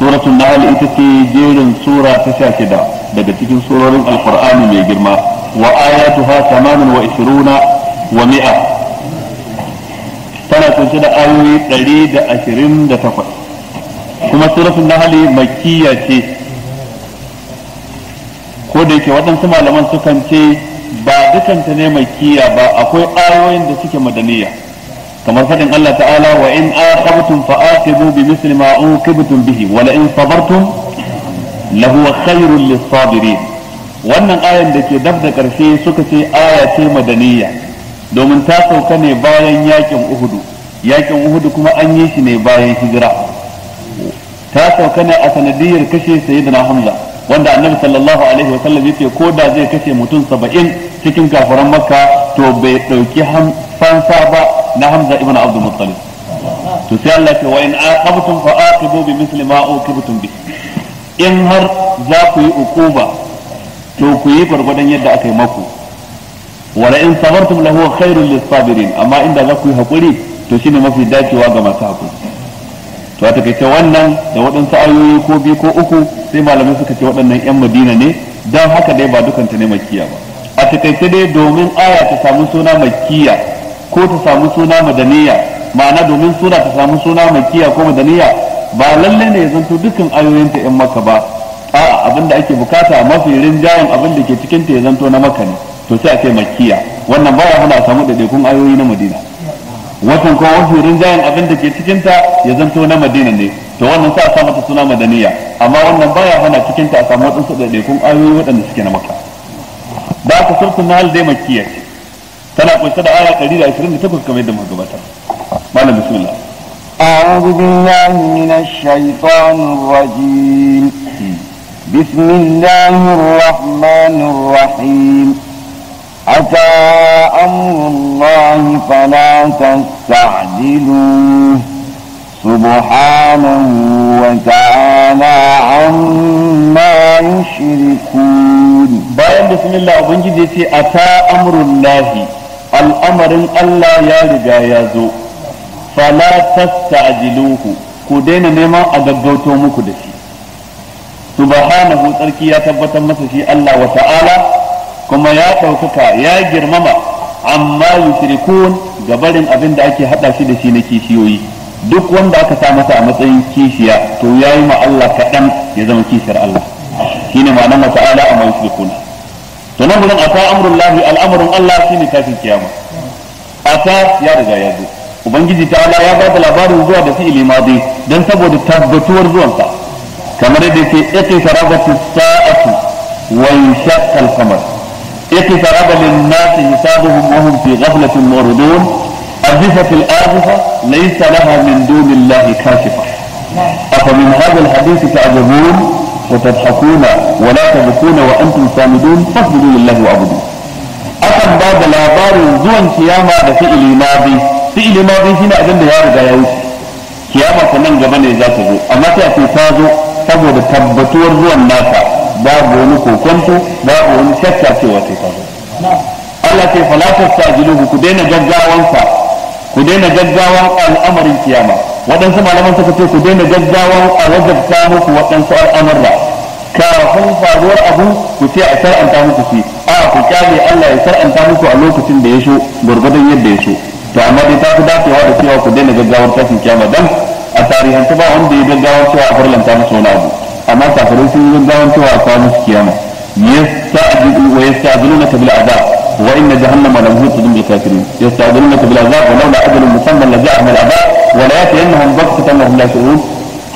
suratul nahali ita ce jerin sura ta sha shida daga cikin surorin alqur'ani mai girma wa ayatuha tamanin wa ishiruna wa mi'a tana kunshe da ayoyi ɗari da ashirin da takwas kuma suratul nahl makkiya ce ko da yake waɗansu malaman sukan ce ba dukanta ne makkiya ba akwai ayoyin da suke madaniya kamar fadin Allah ta'ala wa in aqabtum fa aqibu bi misli ma uqibtum bihi wa la in sabartum lahu khairul lis wannan ayan da ke dab da karshe suka ce aya ce madaniya domin ta sauka ne bayan yakin Uhud yakin Uhud kuma an yi shi ne bayan hijira ta sauka ne a sanadiyar kashe sayyidina hamza wanda annabi sallallahu alaihi sallam yake ko da zai kashe mutum saba'in cikin gafaran makka to bai dauki fansa ba na hamza ibn abdul muttalib to sai Allah ce wa in aqabtum fa aqibu bi misli ma uqibtum bi in har za ku yi ukuba to ku yi gwargwadon yadda aka yi maku wala in sabartum lahu khairul sabirin amma inda za ku yi hakuri to shine mafi dacewa ga masu hakuri to a takaice wannan da waɗansu ayoyi ko biyu ko uku sai malamai suka ce waɗannan 'yan madina ne don haka dai ba dukanta ne makiya ba a takaice dai domin aya ta samu suna makiya ko ta samu suna madaniya ma'ana domin suna ta samu suna makiya ko madaniya ba lalle ne ya zanto dukkan ayoyinta yan maka ba a'a abin da ake bukata mafi rinjayen abin da ke cikin ta ya zanto na maka ne to sai a kai makiya wannan baya hana a samu daidaikun ayoyi na madina watan kuma mafi rinjayen abin da ke cikin ta ya zanto na madina ne to wannan sai a sa mata suna madaniya amma wannan baya hana cikin ta a samu wadansu daidaikun ayoyi waɗanda suke na maka da aka surtun na hal dai makiya ce tana kunshe da aya 128 kamar yadda muka gabatar malam bismillah أعوذ بالله من الشيطان الرجيم بسم الله الرحمن الرحيم أتى أمر الله فلا تستعجلوه سبحانه وتعالى عما يشركون بسم الله أبنجي أتى أمر الله al'amarin Allah ya riga ya zo a tasta'jiluhu ku daina neman a gaggauto muku da shi subhanahu tsarki ya tabbatar masa shi Allah wa ta'ala kuma ya ɗaukaka ya girmama amma yushrikun gabarin abin da ake hada shi da shi na kishiyoyi duk wanda aka sa masa a matsayin kishiya to yayi ma Allah kaɗan ya zama kishiyar Allah shine ma'anar wa ta'ala amma yushrikuna to nan gurin ata amrun lahi al'amarin Allah ne kafin kiyama ata ya riga ya zo ubangiji ta Allah ya bada labarin zuwa da fi'ili madi dan saboda tabbatuwar zuwansa kamar yadda yake yake sarabatu sa'atu wa yashqa al-qamar yake saraba lin nasi hisabuhum wa hum fi ghaflatin muridun azifat al-azifa laysa laha min dunillahi kashifa afa min hadha al-hadith ta'jabun وتضحكون ولا تبكون وأنتم صامدون فاصبروا لله وعبدوا akan ba da labarin zuwan kiyama da fi'ili mabi fi'ili mabi shine abin da ya riga ya wuce kiyama ta nan gaba ne za ta zo amma sai a ce ta zo saboda tabbatuwar zuwan nata babu wani kokonto babu wani shakka cewa sai ta zo Allah ce fala tastajiluhu ku daina gaggawansa ku daina gaggawan al'amarin kiyama waɗansu malaman suka ce ku daina gaggawa a wajabta muku waɗansu al'amurra kafin faruwar abu ku ce a sar'anta muku shi a ku kyale Allah ya sar'anta muku a lokacin da ya so gurgurdan yadda ya so to amma dai ta fi dacewa da cewa ku daina gaggawar tashin kyama dan a tarihanta ba wanda ya gaggawar cewa a farlanta musu wani abu amma kafirai sun yi gaggawar cewa a kawo musu kiyama yasta'jilu wa yasta'jiluna a azab وإن جهنم لمحيط بالكافرين يستعدونك بالعذاب ولولا أجل مسمى لجاءهم العذاب ولكنهم ضبط أنهم لا يشعرون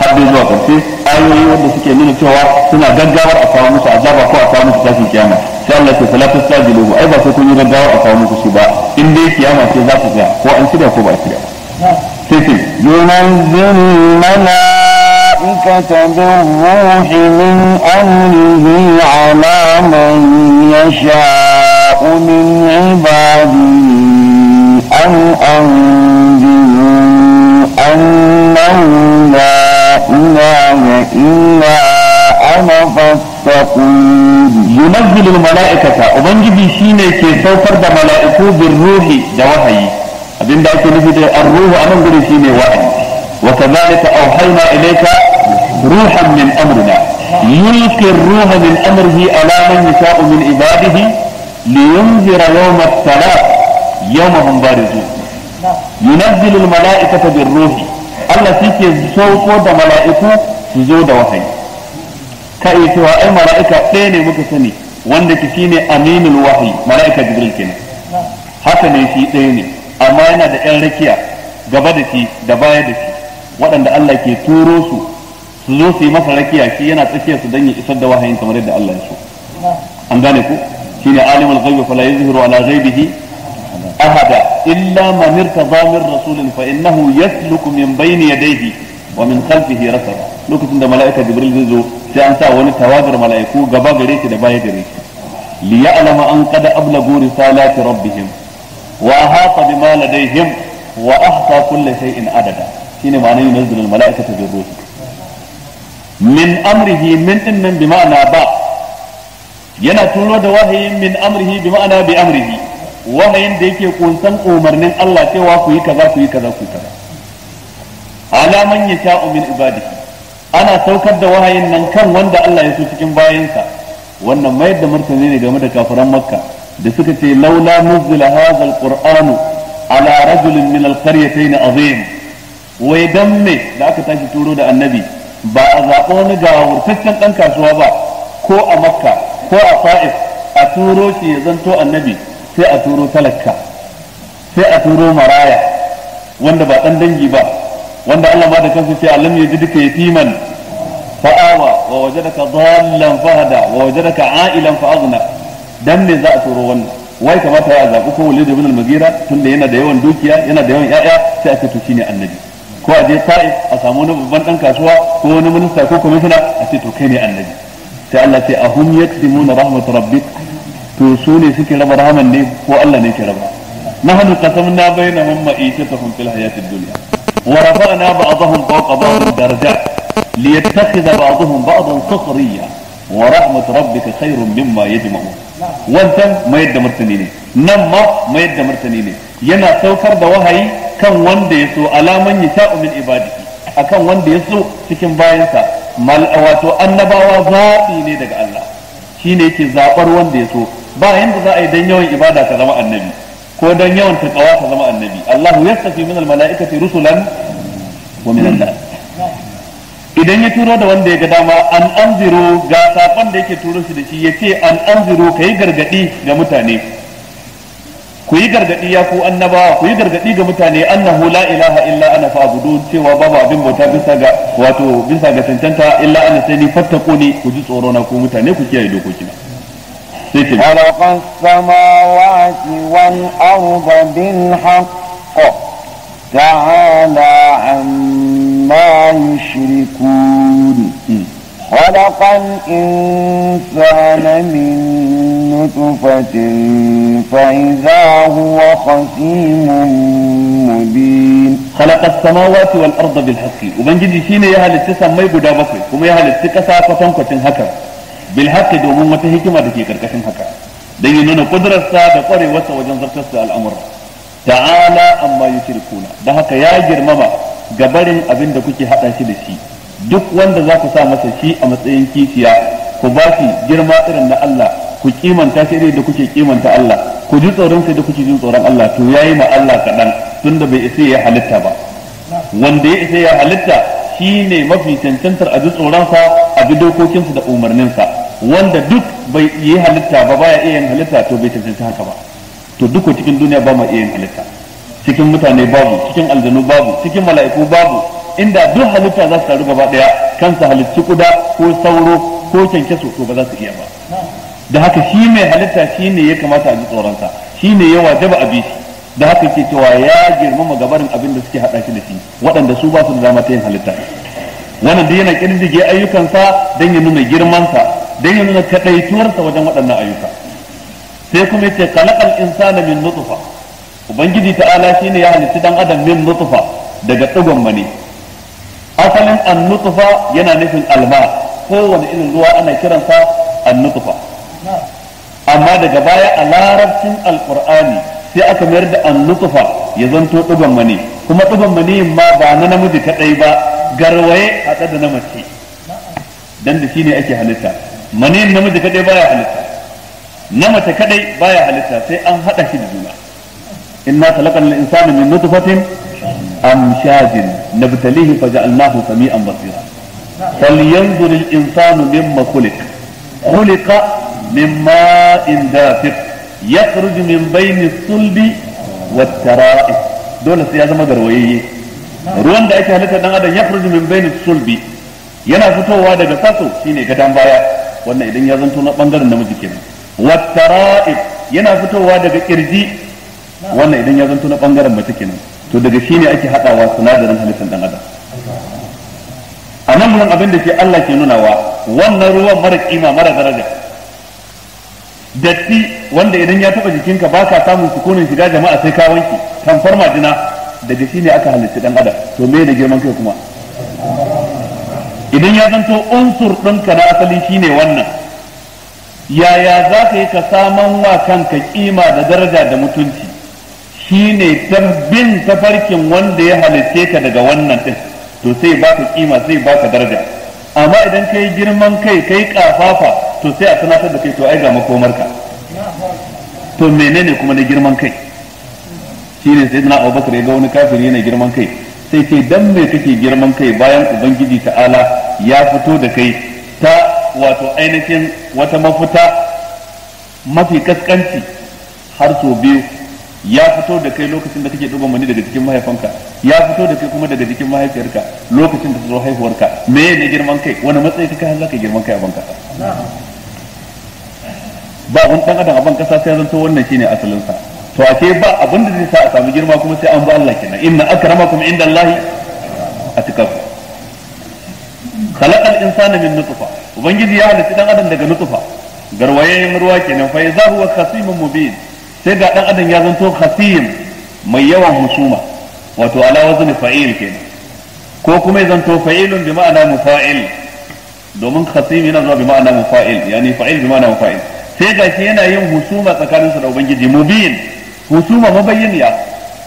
حد يزوق في أي أيوة يود سكين من الشهوة سنع جدار أصابوك عذاب أقوى أصابوك في الكيامة شاء فلا تستعجلوا وأيضا أيضا تكون جدار في الشباء إن دي كيامة في ذات الساعة وإن سبع كوبا يسرع سيسي ينزل الملائكة بالروح من أمره على من يشاء من عبادي أن أنجزوا أنه لا إله إلا أنا فاتقون ينزل الملائكة وبنجي شينا كي سوفر دا بالروح دوحي أبين دا أكو الروح أنا نقول شيني وحي وكذلك أوحينا إليك روحا من أمرنا يلقي الروح من أمره على من يشاء من عباده لينذر يوم التلاق يوم هم بارزون ينزل الملائكة بالروح الله سيكي سوكو دا ملائكة سزود وحي كأي أي ملائكة تيني مكسني wanda ki أمين الوحي ملائكة جبريل كنا kenan haka تيني أمانا دا إلركيا gabadaki da da baya da shi waɗanda Allah ke turo su su zo su yi masa rakiya shi yana tsakiyar su don ya isar da wahayin kamar yadda Allah ya so an gane ku shine alimul ghaibi fala yuzhiru ala ghaibihi ahada illa man irtada min rasulin fa innahu yasluku min bayni yadayhi wa min khalfihi rasada lokacin da mala'ika jibril zai zo sai an sa wani tawagar mala'iku gaba gare shi da baya gare shi li an qad ablagu risalati rabbihim wa ahata bima ladayhim wa ahsa kulli shay'in adada shine ma'ana yunzilu mala'ikata bi ruhi min amrihi min innan bima'na ba' yana turo da wahayin min amrihi bi ma'ana bi amrihi wahayin da yake kunsan umarnin Allah cewa ku yi kaza ku yi kaza ku yi kaza ala man yasha'u min ibadihi ana saukar da wahayin nan kan wanda Allah ya so cikin bayansa wannan mayar da martani ne game da kafiran makka da suka ce laula nuzila hadha alqur'anu ala rajulin min alqaryatayn azim wai dan me da aka tashi turo da annabi ba a zaɓo wani gawurtaccen ɗan kasuwa ba ko a makka ko a fa'is a turo shi ya zanto annabi sai a turo talaka sai a turo maraya wanda ba dan dangi ba wanda Allah ma da kansa ce alam duka yatiman fa'awa wa wajadaka dhallan fahada wa wajadaka a'ilan fa'aghna dan ne za a turo wannan wai kamata ya zaɓi ko walid ibn al-mugira tunda yana da yawan dukiya yana da yawan yaya sai a ce to shine annabi ko a je sai a samu wani babban dan kasuwa ko wani minista ko kwamishina a ce to kai ne annabi sai Allah ce ahum yaksimuna rahmat rabbik to su ne suke raba rahman ne ko Allah ne ke raba nahnu qasamna bainahum ma'ishatahum fil hayatid dunya wa rafa'na ba'dahum fawqa ba'd darajat liyattakhidha ba'dahum ba'dan sukhriya wa rahmat rabbika khairun wancan mayar da martani ne nan ma mayar da martani ne yana saukar da wahayi kan wanda ya so alaman ya sha'u min ibadihi akan wanda ya so cikin bayansa wato annabawa zaɓi ne daga Allah shi ne yake zaɓar wanda ya so ba yanda za a yi don yawan ibada ka zama annabi ko don yawan taƙawa ka zama annabi Allah ya tafi min almalaikati rusulan wa min idan ya turo da wanda ya ga dama an amziru, ga saƙon da yake turo shi da shi ya ce an ka yi gargaɗi ga mutane ku yi gargadi ya ku annabawa ku yi gargadi ga mutane annahu la ilaha illa ana fa'budun cewa babu abin bauta bisa ga wato bisa ga tantanta illa ana sai ni fattaquni ku ji tsoro na ku mutane ku kiyaye dokokina sai ce خلق السماوات والأرض بالحق تعالى عما يشركون خلق الإنسان من نطفة فإذا هو خصيم مبين خلق السماوات والأرض بالحق وبنجي شيني يا هل تسمى بدا بكر كما يا هل تكسا كتن كتن هكا بالحق دومون متى هكما دكي كركتن هكا دي نونا قدرة سادة قري وسا وجن زرتس الأمر تعالى أما يشركون ده هكا يا جرمما gabarin abin da kuke hada shi da shi duk wanda za ku sa masa shi a matsayin kishiya ku ba shi girma irin na Allah ku kimanta sai da kuke kimanta Allah ku ji tsoron sai da kuke jin tsoron Allah to yayi ma Allah kadan tunda bai isa ya halitta ba wanda ya isa ya halitta shine mafi cancantar a ji tsoron sa a bi dokokinsa da umarnin sa wanda duk bai yi halitta ba baya iya yin halitta to bai cancanci haka ba to duk cikin duniya ba ma iya yin halitta cikin mutane babu cikin aljanu babu cikin mala'iku babu inda duk halitta za su taru gaba daya kansa halittu kuda ko sauro ko kyankyaso to ba za su iya ba da haka shi mai halitta shi ne ya kamata a ji tsoronsa shi ne ya wajaba a bishi da haka ke cewa ya girmama gabarin abin da suke haɗa shi da shi waɗanda su ba su da dama ta yin halitta wannan da yana ƙirjige ayyukansa don ya nuna girmansa don ya nuna kaɗaituwarsa wajen waɗannan ayyuka sai kuma yace khalaqal insana min nutfa ubangiji ta'ala shi ne ya halitta dan adam min nutfa daga digon mani asalin an nutfa yana nufin alma kowane irin ruwa ana kiransa an nutfa amma daga baya a larabcin alqur'ani sai aka mayar da an annutufa ya zanto dugan mani kuma dugan mani ma ba na namiji kaɗai ba garwaye haɗe da na mace dan da shine ake halitta mani namiji kadai baya halitta na mace kadai baya halitta sai an hada shi da juna inna khalaqal insana min nutfatin amshajin nabtalihi faja'alnahu sami'an basira falyanzur al insanu mimma khuliq khuliqa min ma'in dafiq yakhruju min bayni sulbi wat tara'is dole sai ya zama garwayayye ruwan da ake halitta dan adam yakhruju min bayni sulbi yana fitowa daga saso shine gadan baya wannan idan ya zanto na bangaren namiji kenan wat tara'is yana fitowa daga kirji wannan idan ya zanto na bangaren mace kenan to daga shine ake hadawa sinadarin halittar dan adam a nan da Allah ke nunawa wannan ruwan mara kima mara daraja datti wanda idan ya taba jikinka ba ka samun sukunin shiga jama'a sai ka wanke kamfar majina daga shi ne aka halitta dan adam to me da girman kai kuma idan ya zanto unsur ɗinka na asali shine wannan yaya za ka yi ka saman wa kanka kima da daraja da mutunci shine ta tafarkin wanda ya halitta ka daga wannan din to sai ba ka kima sai ba ka daraja amma idan ka yi girman kai kai kafafa to sai a sanatar da kai to ai ga makomarka to menene kuma na girman kai shine sai na Abubakar ya ga wani kafiri yana girman kai sai ce dan me kake girman kai bayan ubangiji ta'ala ya fito da kai ta wato ainihin wata mafuta mafi kaskanci har so biyu ya fito da kai lokacin da kake duba mani daga cikin mahaifanka ya fito da kai kuma daga cikin mahaifiyarka lokacin da ta zo haihuwarka me ne girman kai wani matsayi kake har zaka girman kai a banka ba wani dan adam aban kasa sai zanto wannan shine asalin sa to a ce ba abin da zai sa a samu girma kuma sai an ba Allah kenan inna akramakum inda Allah atqakum khalaqa al-insana min nutfa ubangiji ya halitta dan adam daga nutfa garwayen ruwa kenan fa yaza huwa khasimun mubin sai ga dan adam ya zanto khasim mai yawan husuma wato ala wazni fa'il kenan ko kuma ya zanto fa'ilun bi ma'ana mufa'il domin khasim yana zuwa bi ma'ana mufa'il yani fa'il bi ma'ana mufa'il sai gashi yana yin husuma tsakanin su da ubangiji mubin husuma mabayyaniya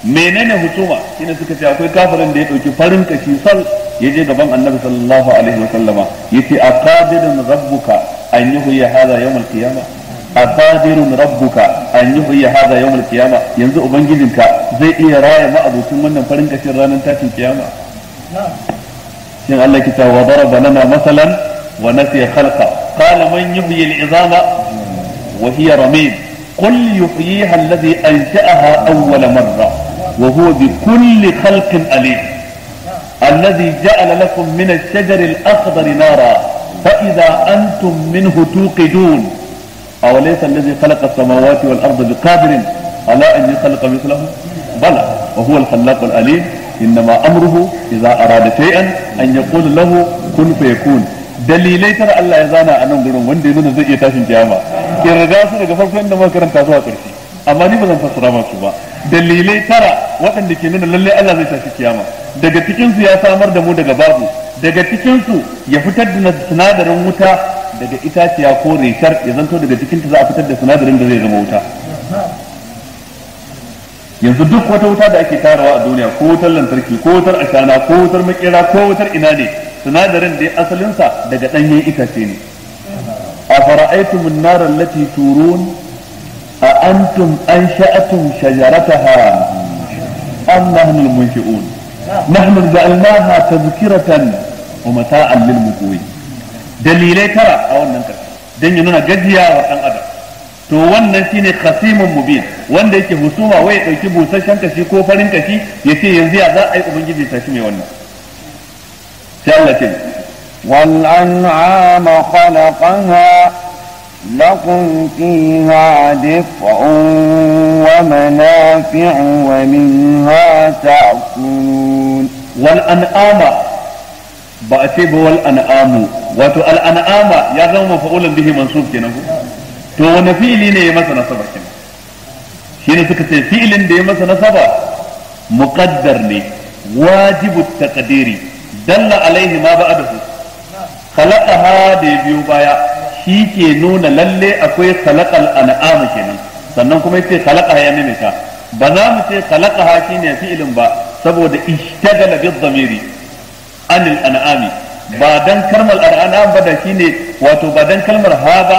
menene husuma shine suka ce akwai kafirin da ya dauki farin kashi sal ya je gaban annabi sallallahu alaihi wa sallama yace aqadirun rabbuka an yuhyi hadha yawm al-qiyamah aqadirun rabbuka an yuhyi hadha yawm al-qiyamah yanzu ubangijinka zai iya raya ma'abucin wannan farin kashin ranar tashin kiyama shin Allah kita wa daraba lana masalan wa nasiya khalqa qala man yuhyi al-'izama وهي رميم قل يحييها الذي أنشأها أول مرة وهو بكل خلق أليم الذي جعل لكم من الشجر الأخضر نارا فإذا أنتم منه توقدون أوليس الذي خلق السماوات والأرض بقادر على أن يخلق مثله بلى وهو الخلاق الأليم إنما أمره إذا أراد شيئا أن يقول له كن فيكون dalilai tara الله يزانا أنهم يقولون وين gurin زي ya إيه جامعة riga su daga farko inda muka karanta zuwa ƙarshe amma ni ba zan fassara masu ba dalilai tara waɗanda ke nuna lallai Allah zai tafi kiyama daga cikin su ya samar da mu daga babu daga cikin su ya fitar da sinadarin wuta daga itaciya ko rishar ya zanto daga cikin ta za a fitar da sinadarin da zai zama wuta yanzu duk wata wuta da ake tarawa a duniya ko wutar lantarki ko wutar ashana ko wutar makera ko wutar ina ne sinadarin da asalinsa daga ɗanyen itace ne أفرأيتم النار التي تورون أأنتم أنشأتم شجرتها أم نحن المنشئون نحن جعلناها تذكرة ومتاعا للمقوين dalilai tara a wannan ƙarshe don ya nuna gajiya wa ɗan adam to wannan shine khasimun mubin wanda yake husuma wai ya ɗauki busasshen kashi ko farin kashi ya ce yanzu ya za a yi ubangiji shi mai wannan sai Allah ce والأنعام خلقها لكم فيها دفع ومنافع ومنها تأكلون والأنعام بأتب والأنعام وتو الأنعام يغنو مفعولا به منصوب كنه تو ونفيلين يمس نصبا شيني سكت فعل مثلا نصبا مقدر لي واجب التقدير دل عليه ما بعده khalaqaha da ya biyo baya shi ke nuna lalle akwai khalaqal an'am kenan sannan kuma yace khalaqaha ya maimaita ba za mu ce khalaqaha shine fi'ilin ba saboda ishtagala bi dhamiri anil an'ami ba dan kalmar an'am ba da shine wato ba dan kalmar ha ba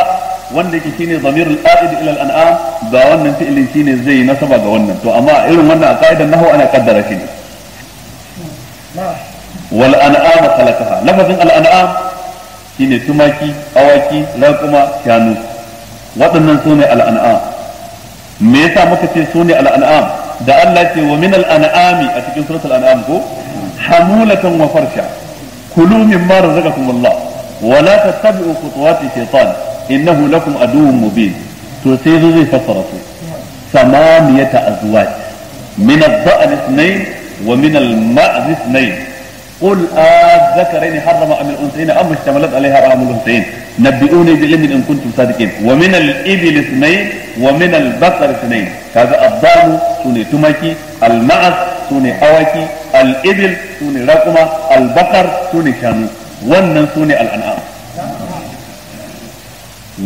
wanda yake shine dhamirul a'id ila al an'am ba wannan fi'ilin shine zai nasaba ga wannan to amma irin wannan a ka'idar nahwu ana kaddara shi wal an'am khalaqaha lafazin al an'am shine tumaki awaki raƙuma shanu waɗannan sune al'an'am me yasa muka ce sune al'an'am da Allah ce wa min al'an'ami a cikin suratul an'am ko hamulatan wa farsha kulu mimma razaqakumullah wa la tattabi'u khutuwati shaytan innahu lakum aduwwun mubin to sai zo zai fassara su samaniyata azwaj min adh-dha'n wa min al-ma'z قل أذكرين حرم أم الأنثيين أم اشتملت عليها أرحام الأنثيين نبئوني بعلم إن كنتم صادقين ومن الإبل اثنين ومن البقر اثنين كذا الضال سوني تمكي المعز سوني أواكي الإبل سوني رقمة البقر سوني شانو ونن سوني الأنعام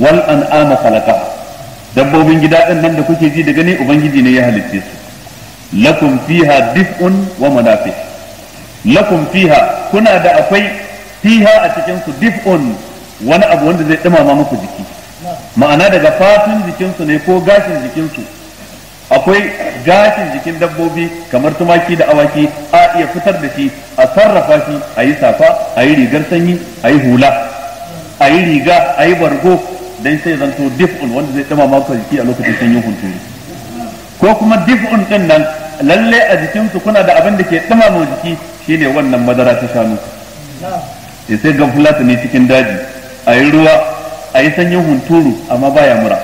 والأنعام خلقها dabbobin gida ɗin nan da kuke ji da gani ubangiji ne ya halicce su lakum fiha dif'un wa manafi' lakum fiha kuna da akwai fiha a cikin su dif'un wani abu wanda zai dumama muku jiki ma'ana daga fatun jikinsu ne ko gashin jikinsu akwai gashin jikin dabbobi kamar tumaki da awaki a iya fitar da shi a sarrafa shi a yi safa a yi rigar sanyi a yi hula a yi riga a yi bargo don sai zanto dif'un wanda zai dumama muku jiki a lokacin sanyin hunturu ko kuma dif'un din nan lalle a jikinsu kuna da abin da ke dumama jiki Shi ne wannan madara ta shanu ya sai ga fulata ne cikin daji a yi ruwa a yi sanyin hunturu amma baya mura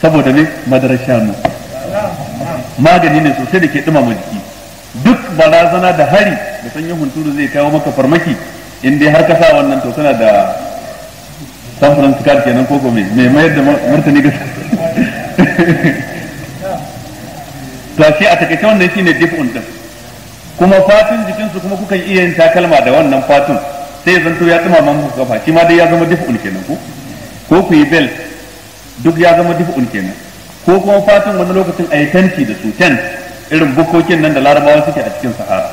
saboda ne madarar shanu magani ne sosai da ke dumama jiki duk barazana da hari da sanyin hunturu zai kawo maka farmaki in dai har ka sa wannan to kana da san francisco kenan ko me mai mayar da martani ga to shi a takaice wannan shine dif'un din kuma fatun jikinsu kuma kuka iya yin takalma da wannan fatun sai zanto ya tsima man muku kafa shi ma dai ya zama dif'un kenan ko ko ku yi bel duk ya zama dif'un kenan ko kuma fatun wani lokacin a yi tanti da su tent irin bukokin nan da larabawa suke a cikin sahara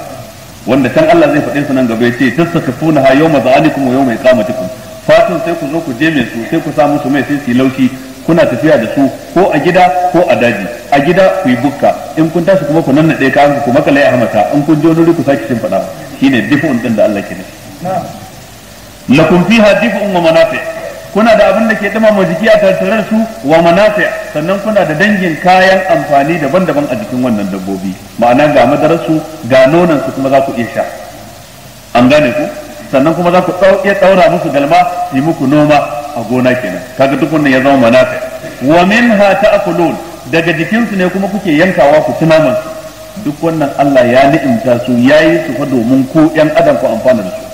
wanda can Allah zai faɗin su nan gaba ya ce funa ha yawma za'alikum yau mai iqamatikum fatun sai ku zo ku je mai su sai ku sa musu mai sai su yi laushi kuna tafiya da su ko a gida ko a daji a gida ku yi bukka in kun tashi kuma ku nannade ɗaya kayan ku makale a hamata in kun je wani ku sake ne shine dif'un din da Allah ke nufi lakum fiha dif'un wa manafi kuna da abin da ke dumama jiki a da su wa manafi sannan kuna da dangin kayan amfani daban-daban a jikin wannan dabbobi ma'ana ga madararsu ga nonon su kuma za ku iya sha an gane ku sannan kuma za ku iya ɗaura musu galma yi muku noma a gona kenan kaga duk wannan ya zama manafi wa minha ta'kulun daga jikinsu ne kuma kuke yankawa ku ci naman duk wannan Allah ya ni'imta su yayi su fa domin ku yan adam ku amfana da su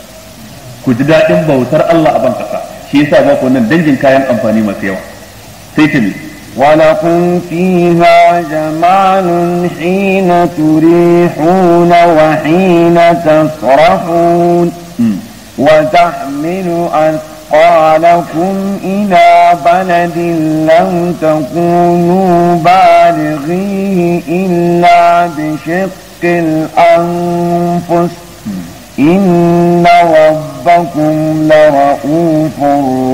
ku ji dadin bautar Allah a ban kasa shi yasa ba ku wannan dangin kayan amfani masu yawa sai ta ne ولكم فيها جمال حين تريحون وحين تسرحون وتحمل أثقالكم أثقالكم إلى بلد لم تكونوا بالغيه إلا بشق الأنفس إن ربكم لرؤوف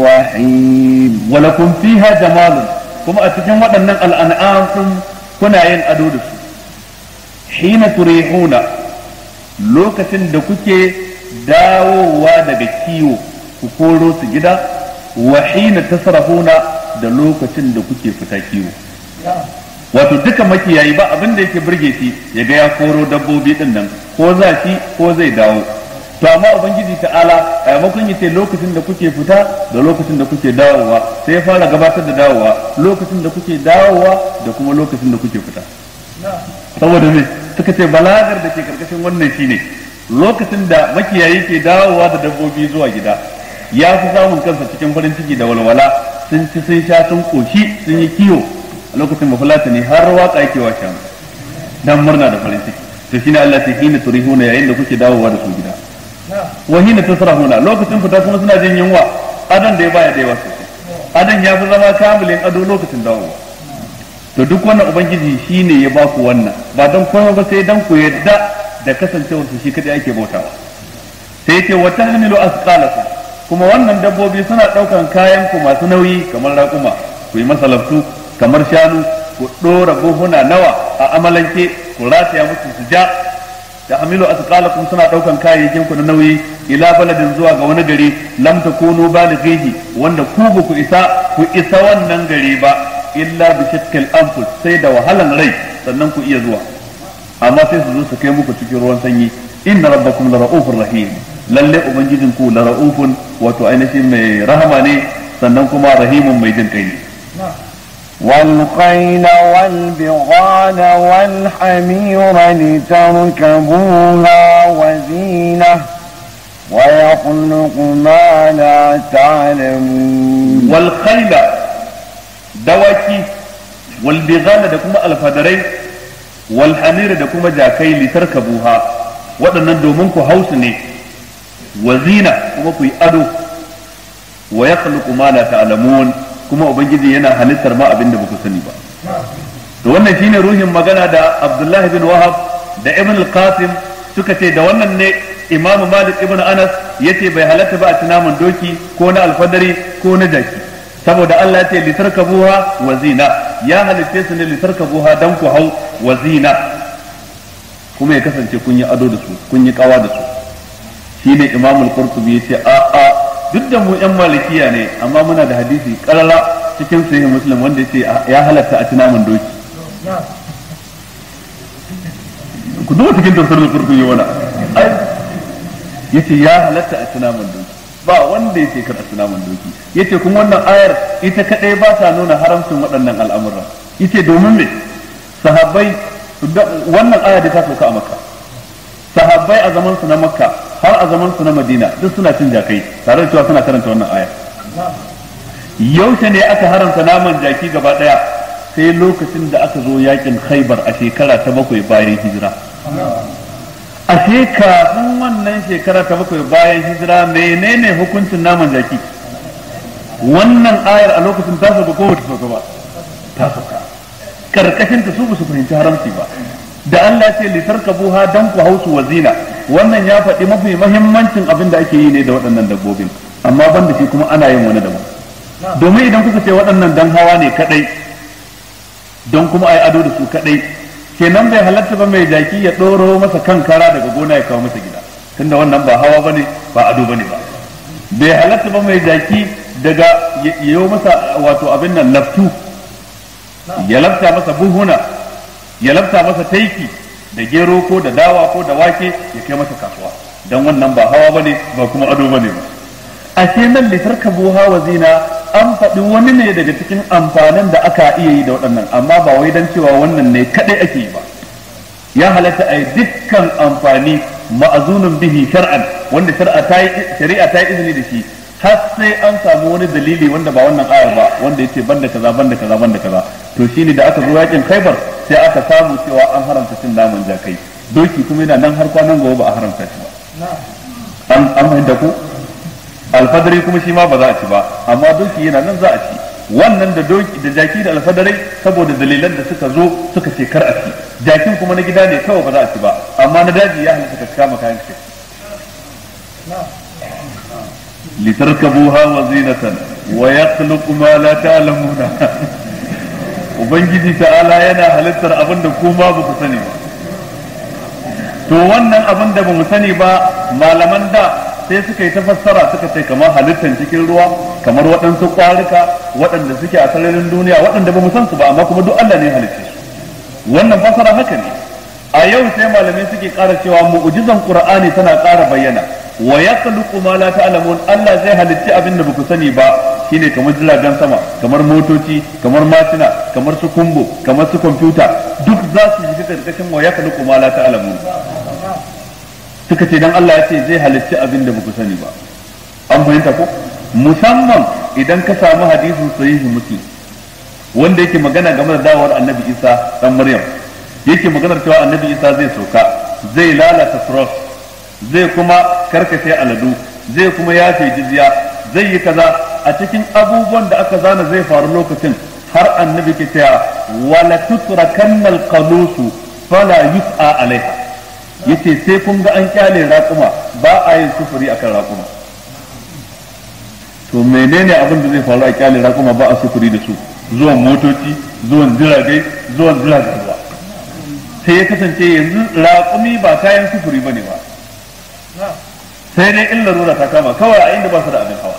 رحيم ولكم فيها جمال كما أتكلم أن الأنعام كنا ين أدودس حين تريحون لوكة دكوكي داو وادا بكيو ku koro su gida wa hina tasrafuna da lokacin da kuke fita kiwo wato duka makiyayi ba abin da yake burge shi ya ga ya koro dabbobi din nan ko za shi ko zai dawo to amma ubangiji ta'ala a yamakon ya ce lokacin da kuke fita da lokacin da kuke dawowa sai ya fara gabatar da dawowa lokacin da kuke dawowa da kuma lokacin da kuke fita saboda me suka ce balagar da ke karkashin wannan shine lokacin da makiyayi ke dawowa da dabbobi zuwa gida ya fi samun kansa cikin farin ciki da walwala sun ci sun sha sun koshi sun yi kiwo a lokacin mafulata ne har waka yake wa shan dan murna da farin ciki to shine Allah ta hina turihuna yayin da kuke dawowa da su gida wa hina tusrahuna lokacin fita kuma suna jin yunwa adan da ya baya da yawa sosai adan ya fi zama kamilin ado lokacin dawowa to duk wannan ubangiji shine ya ba ku wannan ba dan kowa ba sai dan ku yadda da kasancewar su shi kadai ake bautawa sai yake wata hamilu asqalakum kuma wannan dabbobi suna ɗaukan kayan ku masu nauyi kamar raƙuma ku yi masa kamar shanu ku ɗora buhuna nawa a amalanke ku rataya musu su ja da hamilu kuma suna ɗaukan kayayyakin ku na nauyi ila baladin zuwa ga wani gari lam takunu balighi wanda ku ba ku isa ku isa wannan gari ba illa bi shakkal anfus sai da wahalan rai sannan ku iya zuwa amma sai su zo su kai muku cikin ruwan sanyi inna rabbakum la rahim lalle ubangijinku la ra'ufun wato ainihin mai rahama ne sannan kuma rahimun mai jin kai ne والخيل والبغال والحمير لتركبوها وزينة ويخلق ما لا تعلمون والخيل دواكي والبغال دكما الفدري والحمير دكما جاكي لتركبوها waɗannan domin ku hausu ne Wazina kuma ku yi ado wa yakhluqu ma na ta'alamuwan kuma ubangiji yana halittar ma abin da baku sani ba to wannan ne ruhin magana da Abdullahi bin Wahab da Ibn al-Qasim suka ce da wannan ne Imam Malik ibn Anas ya ce bai halatta ba a ci naman doki ko na alfadari ko na jaki saboda Allah ya ce litarkabuha wa wazina. ya halitte su ne litarkabuha dan ku hau wazina. kuma ya kasance kun yi ado da su kun yi kawa da su shine imamul qurtubi yace a a duk da mu yan malikiya ne amma muna da hadisi karara cikin sahih muslim wanda yace ya halatta a ci doki ku duba cikin al qurtubi wala yace ya halatta a ci doki ba wanda yake kar a ci doki yace kuma wannan ayar ita kadai ba ta nuna haramcin waɗannan al'amura yace domin me sahabbai wannan aya da ta soka a makka sahabbai a zaman su na makka har a zaman su na Madina duk suna cin jakai tare da cewa suna karanta wannan aya yaushe ne aka haramta naman jaki gaba daya sai lokacin da aka zo yakin Khaibar a shekara ta bakwai bayan hijira a kafin wannan shekara ta bakwai bayan hijira menene hukuncin naman jaki wannan ayar a lokacin ta saba kowace sauka ta saba. karkashin ta su ba su fahimci haramci ba da Allah ce buha dan ku hausu wazina wannan ya faɗi mafi mahimmancin abin da ake yi ne da waɗannan dabbobin amma ban da shi kuma ana yin wani daban domin idan kuka ce waɗannan dan hawa ne kaɗai don kuma ai ado da su kaɗai kenan bai halatta ba mai jaki ya ɗoro masa kan kara daga gona ya kawo masa gida tunda wannan ba hawa bane ba ado bane ba bai halatta ba mai jaki daga yayo masa wato abin nan laftu ya lafta masa buhuna ya lafta masa taiki da gero ko da dawa ko da wake ya kai masa kasuwa dan wannan ba hawa bane ba kuma ado bane ba ashe nan litarkabuha hawa zina an faɗi wani ne daga cikin amfanin da aka iya yi da waɗannan amma ba wai dan cewa wannan ne kadai ake yi ba ya halatta a yi dukkan amfani ma'azunin bihi shar'an wanda shari'a ta yi izini da shi har sai an samu wani dalili wanda ba wannan ayar ba wanda yace banda kaza banda kaza banda kaza to shine da aka zo yakin Khaibar sai aka samu cewa an haramta cin naman jakai doki kuma yana nan har kwanan gobe ba a haramta shi ba an an da ku alfadari kuma shi ma ba za a ci ba amma doki yana nan za a ci wannan da doki da jaki da alfadarai saboda dalilan da suka zo suka ce kar a ci jakin kuma na gida ne kawai ba za a ci ba amma na daji ya halatta ka kama kayan ka litarkabuha wa zinatan wa yakhluqu ma la ta'lamuna ubangiji ta'ala yana halittar abin da kuma ba ku sani ba to wannan abin da ba mu sani ba malaman da sai suka yi ta fassara suka ce kamar halittar cikin ruwa kamar waɗansu ƙwarika waɗanda suke a sararin duniya waɗanda ba mu san su ba amma kuma duk Allah ne halitta wannan fassara haka ne a yau sai malamai suke ƙara cewa mu'ujizan qur'ani tana ƙara bayyana wa ya yakhluqu ma la ta'lamun Allah zai halitta abin da baku sani ba shine kamar jiragen sama kamar motoci kamar masina kamar su kumbo kamar su kwamfuta duk za su yi da cikin wa ya yakhluqu ma la ta'lamun suka ce dan Allah ya ce zai halitta abin da baku sani ba an fahimta ko musamman idan ka samu hadisin sahihi muslim wanda yake magana game da dawowar annabi Isa dan Maryam yake maganar cewa annabi Isa zai sauka zai lalata cross zai kuma karkace aladu zai kuma yafe jizya zai yi kaza a cikin abubuwan da aka zana zai faru lokacin har annabi ke cewa wala tutrakanna qalusu fala yus'a alaiha yace sai kun ga an kyale raƙuma ba a yin sufuri akan raƙuma to menene abin da zai faru a kyale raƙuma ba a sufuri da su zuwan motoci zuwan jirage zuwan da ruwa sai ya kasance yanzu raƙumi ba kayan sufuri bane ba sai dai illa larura ta kama kawai a inda ba su da abin hawa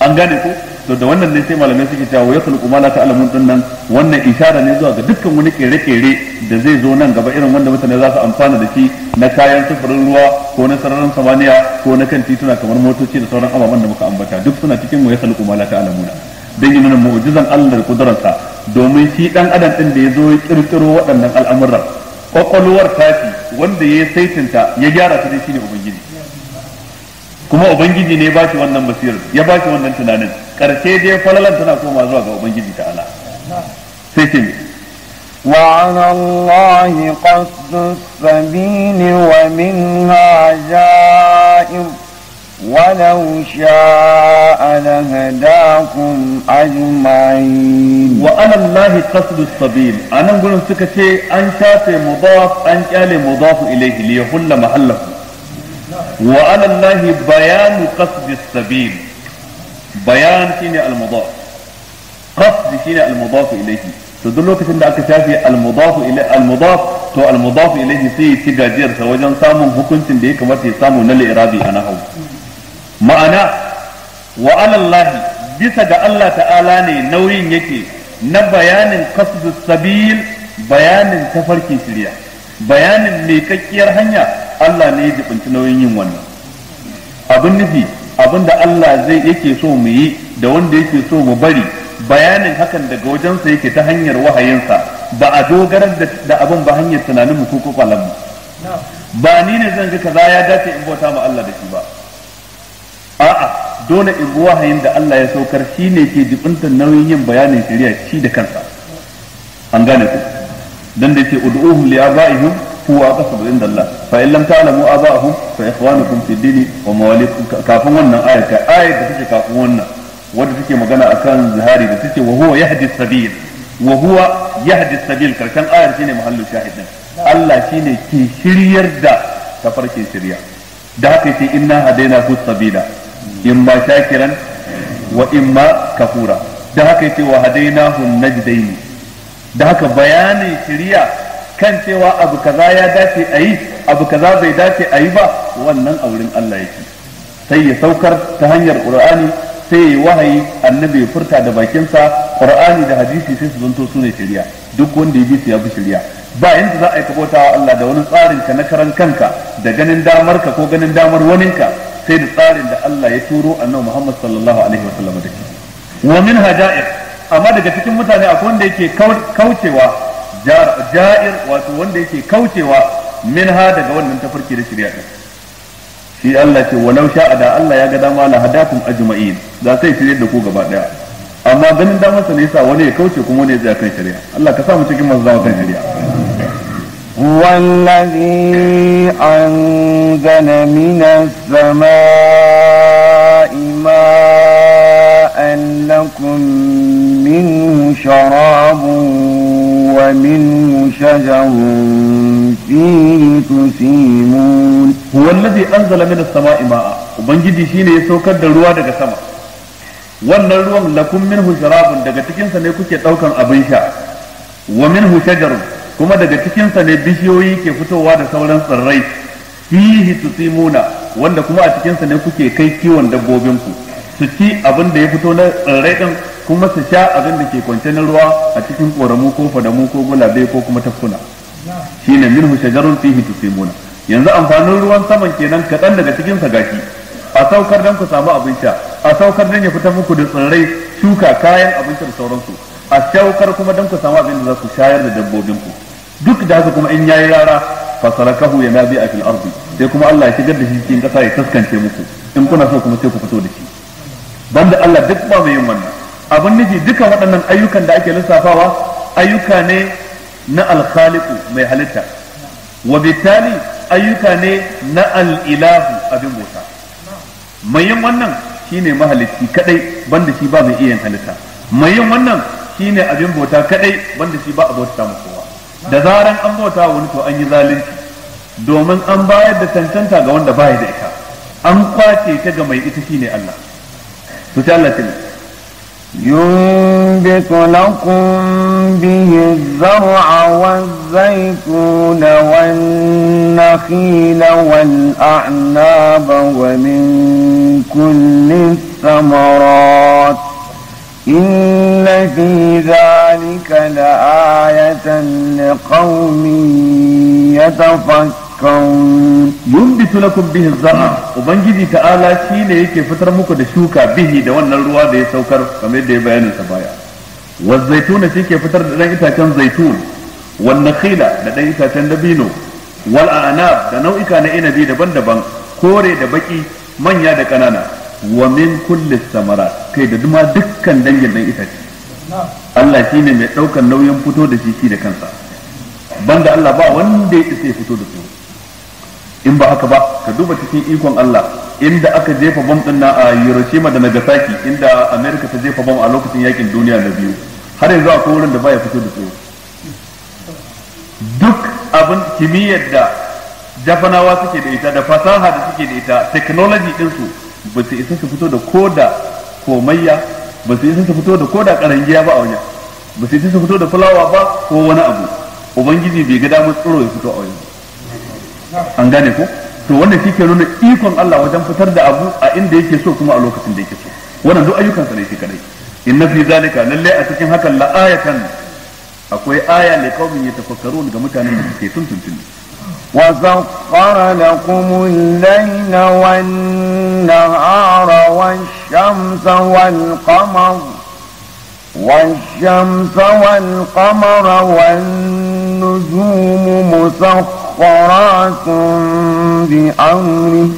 an gane ko to da wannan ne sai malamai suke cewa ya kulku ma la ta'lamun din wannan isharar ne zuwa ga dukkan wani kere-kere da zai zo nan gaba irin wanda mutane za su amfana da shi na kayan sufurin ruwa ko na sararin samaniya ko na kan tituna kamar motoci da sauran ababen da muka ambata duk suna cikin ya kulku la ta'lamun dan yin nan mu'jizan Allah da kudurarsa domin shi dan adam din da ya zo ya kirkiro waɗannan al'amuran kwakwalwar tafi wanda ya saitinta ya gyara ta dai shine ubangiji kuma ubangiji ne ba shi wannan basirar ya ba shi wannan tunanin karshe dai falalan tana koma zuwa ga ubangiji ta ala sai ce wa anallahi wa min hajaim wa law sha'a lahadakum ajma'in wa anallahi qasdu sabil anan gurin suka ce an shafe mudaf an kyale mudaf ilayhi ya yahulla mahallahu wa ala Allah bayanu sabil bayan shine al-mudaf qasd shine al-mudaf ilayhi to duk lokacin da aka shafe al-mudaf ilayhi al-mudaf to al-mudaf ilayhi ci gajiyar wajen samun hukuncin da ya kamata ya samu na al a nahwu ma'ana wa ala bisa ga Allah ta'ala ne nauyin yake na bayanin qasd sabil bayanin tafarkin shirya bayanin miƙaƙƙiyar hanya Allah ne ya jibinci nauyin yin wannan abin nufi abin da Allah zai yake so mu yi da wanda yake so mu bari bayanin hakan daga wajensa yake ta hanyar wahayinsa ba a dogara da abin ba hanyar tunanin mu ko kwakwalen mu ba ni ne zan ga kaza ya dace in bauta ma Allah da shi ba a'a dole in bi wahayin da Allah ya saukar shi ne ke jibintar nauyin yin bayanin shari'a shi da kansa an gane ku dan da yake ud'uhum li abaihim huwa aqsadu inda Allah fa in lam ta'lamu aba'ahum fa ikhwanukum fid din wa mawalikum kafin wannan ayar ka ayar da take kafin wannan wanda take magana akan zihari da take wa huwa yahdi sabil wa yahdi sabil karkan ayar shine mahallu shahidin Allah shine ke shiryar da ke shirya da haka yace inna hadaina hus sabila wa kafura da haka yace wa hadaina da haka bayanin shirya. kan cewa abu kaza ya dace a yi abu kaza bai dace a yi ba wannan a wurin Allah yake sai ya saukar ta hanyar qur'ani sai ya wahayi annabi ya furta da bakinsa qur'ani da hadisi sai su zanto su ne shari'a duk wanda ya bi su ya bi shari'a ba yanda za a yi kabota wa Allah da wani tsarin ka na karan kanka da ganin damar ka ko ganin damar waninka sai da tsarin da Allah ya turo annabi Muhammad sallallahu alaihi wa sallam da ke wa min haja'ir amma daga cikin mutane akwai wanda yake kaucewa ja'ir wato wanda yake kaucewa min ha daga wannan tafarki da shirya din shi Allah ce walau sha'a da Allah ya ga dama la hadakum ajma'in za sai shirye da ku gaba daya amma ganin dama sa ne yasa wani ya kauce kuma wani ya tsaya kan shari'a Allah ka sa mu cikin manzo zama kan shari'a هو الذي أنزل من السماء ماء لكم منه شراب ومنه شجر فيه تسيمون هو الذي أنزل من السماء wannan ruwan lakum minhu sharabun daga cikinsa ne kuke ɗaukan abin sha wa minhu kuma daga cikinsa ne bishiyoyi ke fitowa da sauran tsirrai fihi wanda kuma a cikinsa ne kuke kai kiwon dabbobinku su ci abin da ya fito na tsirrai din kuma su sha abin da ke kwance na ruwa a cikin koramu ko fadamu ko gulabe ko kuma tafkuna shine minhu shajarun fihi tusimuna yanzu amfanin ruwan saman kenan kaɗan daga cikin sa gashi a saukar dan ku samu abin sha a saukar dan ya fita muku da tsirrai shuka kayan abinci da sauransu a saukar kuma dan ku samu abin da za ku shayar da dabbobin ku duk da haka kuma in ya yayi rara fasalakahu nabi a fil ardi sai kuma Allah ya shigar da shi cikin kasa ya taskance muku in kuna so kuma sai ku fito da shi banda Allah duk ba mai yin wannan abin nufi dukan waɗannan ayyukan da ake lissafawa ayyuka ne na alkhaliku mai halitta wa bitali ayyuka ne na al'ilahu abin bauta mai yin wannan shine mahalicci kadai banda shi ba mai iya yin halitta mai yin wannan shine abin bauta kadai banda shi ba a bauta mu kowa da zaran an bauta wani to an yi zalunci domin an bayar da tantanta ga wanda baya da ita an kwace ta ga mai ita shine Allah to ta Allah ينبت لكم به الزرع والزيتون والنخيل والأعناب ومن كل الثمرات إن في ذلك لآية لقوم يتفكرون yumbitu lakum bihi zar'a ubangiji ta'ala ne yake fitar muku da shuka bihi da wannan ruwa da ya saukar kamar yadda ya bayanin sa baya wa zaituna shi ke fitar da dan itacen zaitun wan nakhila da dan itacen dabino wal a'nab da nau'ika na inabi daban-daban kore da baki manya da kanana wa min kulli samara kai da duma dukkan dangin dan itace Allah ne mai daukar nauyin fito da shi shi da kansa banda Allah ba wanda ya fito da su in ba haka ba ka duba cikin ikon Allah inda aka jefa bom din na a Hiroshima da Nagasaki inda America ta jefa bom a lokacin yakin duniya na biyu har yanzu akwai wurin da baya fito da tsoro duk abin kimiyyar da jafanawa suke da ita da fasaha da suke da ita technology din su ba su isa su fito da koda komayya ba su isa su fito da koda karangiya ba a wajen ba su isa su fito da fulawa ba ko wani abu ubangiji bai ga damar tsoro ya fito a wajen an gane ko to wannan shi ke nuna ikon Allah wajen fitar da abu a inda yake so kuma a lokacin da yake so wannan duk ayyukansa ne shi kadai inna fi zalika lalle a cikin hakan la ayatan akwai aya ne kaumin ya tafakkaru ga mutanen da suke tun wa zaqqara lakum al-layla wan-nahara wash-shamsa wal-qamar wash-shamsa wal-qamara wan-nujumu musakhkhara وقرعتم بأمره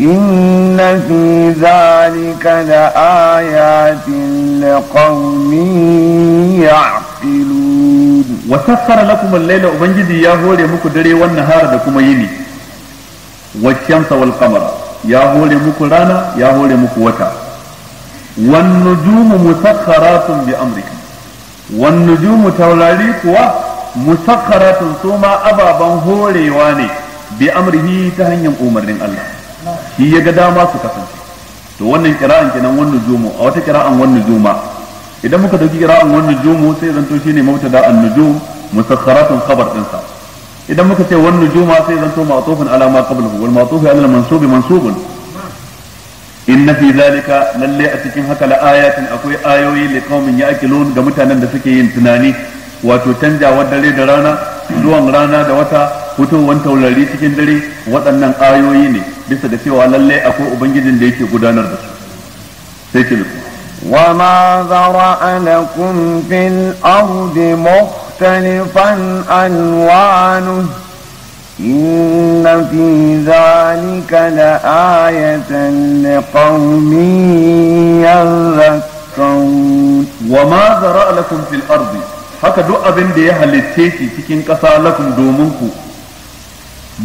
إن في ذلك لآيات لقوم يعقلون وسخر لكم الليل وبنجدي يا هولي مكو دري والنهار دكما يني والشمس والقمر يا هولي مكو رانا يا هولي مكو وتا والنجوم مسخرات بأمركم والنجوم تولاليك kuwa musakharatun su ma ababan horewa ne bi amrihi ta hanyar umarnin Allah shi ya ga dama su kasance to wannan kira'an kenan wannan jumu a wata kira'an wannan juma idan muka dauki kira'an wannan jumu sai zanto shine mubtada an-nujum musakharatun khabar din sa idan muka ce wannan juma sai zanto ma'tufun ala ma qablahu wal ma'tufu ala al-mansubi mansubun inna fi zalika lalle a cikin haka la ayatin akwai ayoyi li qaumin ya'qilun ga mutanen da suke yin tunani wato canjawar dare da rana zuwan rana da wata fitowar taurari cikin dare waɗannan ayoyi ne bisa da cewa lallai akwai ubangijin da yake gudanar da su sai ce وما ذرأ لكم في الأرض مختلفا ألوانه إن في ذلك لآية لقوم يذكرون وما ذرأ لكم في الأرض haka duk abin da ya halitte shi cikin ƙasa lakum domin ku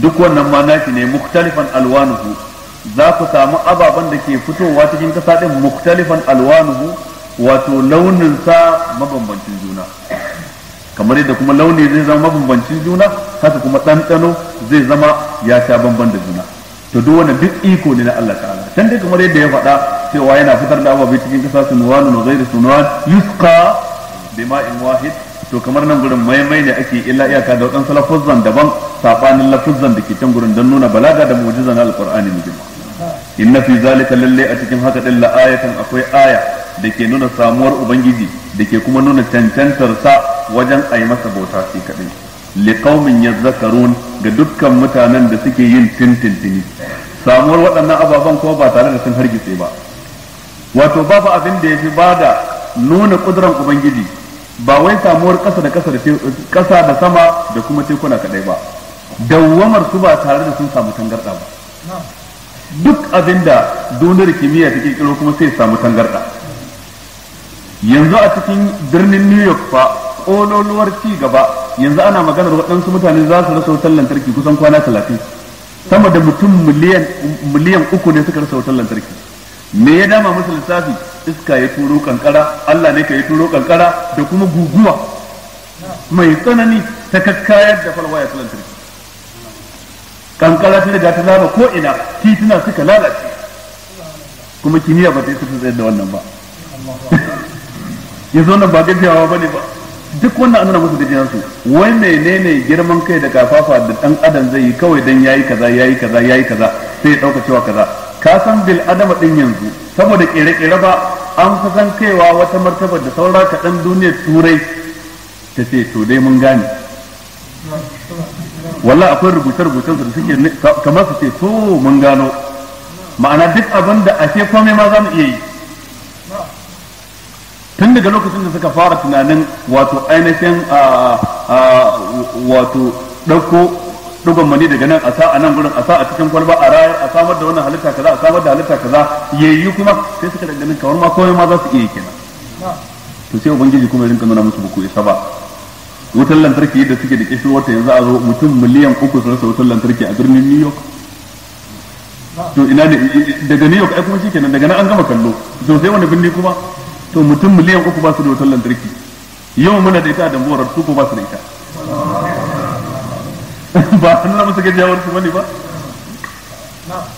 duk wannan ma naki ne muktalifan alwanuhu za ku samu ababen da ke fitowa cikin ƙasa din muktalifan alwanuhu wato launin sa mabambancin juna kamar yadda kuma launi zai zama mabambancin juna haka kuma ɗanɗano zai zama ya sha bamban da juna to duk wannan duk iko ne na Allah ta'ala can dai kamar yadda ya faɗa cewa yana fitar da ababai cikin ƙasa sunuwan na ghairu sunuwan yusqa bima'in wahid to kamar nan gurin maimai ne ake illa iyaka da waɗansu lafuzzan daban saɓanin lafuzzan da ke can gurin don nuna balaga da na alqur'ani ne inna fi zalika lalle a cikin haka ɗin la akwai aya da ke nuna samuwar ubangiji da ke kuma nuna cancantar sa wajen ayi masa bauta shi kadai liqaumin yadhakkarun ga dukkan mutanen da suke yin tintintini samuwar waɗannan ababen ko ba tare da sun hargitse ba wato babu abin da ya fi bada nuna kuduran ubangiji ba wai samuwar ƙasa da ƙasa da ƙasa da sama da kuma tekuna kaɗai ba dawwamar su ba tare da sun samu tangarɗa ba duk abin da duniyar kimiyya ta ƙirƙiro kuma sai samu tangarɗa yanzu a cikin birnin new york fa ƙololuwar ci gaba yanzu ana maganar waɗansu mutane za su rasa wutar lantarki kusan kwana talatin sama da mutum miliyan uku ne suka rasa wutar lantarki me ya dama musu lissafi iska ya turo kankara Allah ne ka ya turo kankara da kuma guguwa mai tsanani ta kakkayar da falwa ya tsananta kankara ta riga ta zama ko ina tituna suka lalace kuma kimiyya ba ta yi tsayar da wannan ba zo nan ba gajiyawa ba ne ba duk wannan an nuna musu gajiyansu wai menene girman kai da kafafa da dan adam zai yi kawai dan yayi kaza yayi kaza yayi kaza sai ya dauka cewa kaza ka san bil adama din yanzu saboda kere-kere ba an fi kaiwa wata martaba da saura kaɗan duniyar turai ta ce to dai mun gane walla akwai rubuce-rubucen da suke kamar su ce to mun gano ma'ana duk abin da ashe komai ma za mu iya yi tun daga lokacin da suka fara tunanin wato ainihin wato ɗauko dugon mani daga nan a sa a nan gurin a sa a cikin kwalba a rayar a samar da wannan halitta kaza a samar da halitta kaza yayi kuma sai suka daga nan kawar ma komai ma za su iya kenan to sai ubangiji kuma rinka nuna musu buku isa ba wutar lantarki yadda suke da kishin wata yanzu a zo mutum miliyan uku su rasa wutan lantarki a birnin New York to ina ne daga New York ai kuma shikenan daga nan an gama kallo to sai wani birni kuma to mutum miliyan uku ba su da wutar lantarki yau muna da ita a dambuwar su ko ba su da ita ba nuna musu gajiyawar su bane ba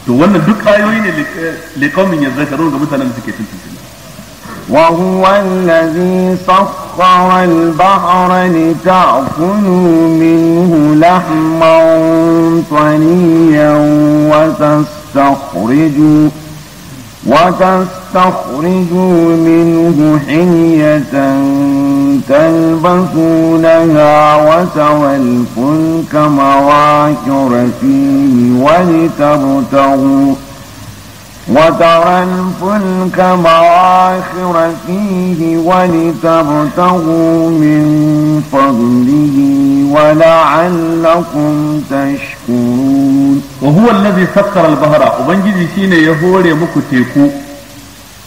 to wannan duk ayoyi ne liqaumin yazzakarun ga mutanen da suke tuntuntuna وهو الذي سخر البحر لتأكلوا منه لحما طريا وتستخرجوا وتستخرجوا منه حلية تلبسونها وترى الفلك مواكر فيه ولتبتغوا وترى الفلك مواخر فيه ولتبتغوا من فضله ولعلكم تشكرون وهو الذي سكر البهرة وبنجي شيني يهوري مكتيكو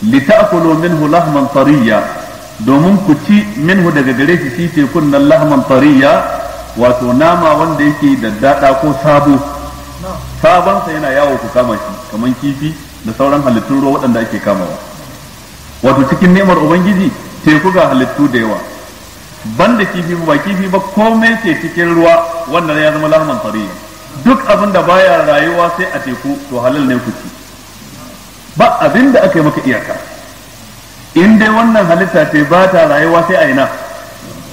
لتأكلوا منه لحما طريا domin ku ci min hu daga gare shi shi ce kun nan lahman tariya wato nama wanda yake da daɗa ko sabo sabon sa yana yawo ku kama shi kamar kifi da sauran halittun ruwa waɗanda ake kamawa wato cikin nemar ubangiji teku ga halittu da yawa banda kifi ba kifi ba komai ce cikin ruwa wannan ya zama lahman tariya duk abin da baya rayuwa sai a teku to halal ne ku ci ba abin da aka yi maka iyaka in dai wannan halitta ce ba ta rayuwa sai a ina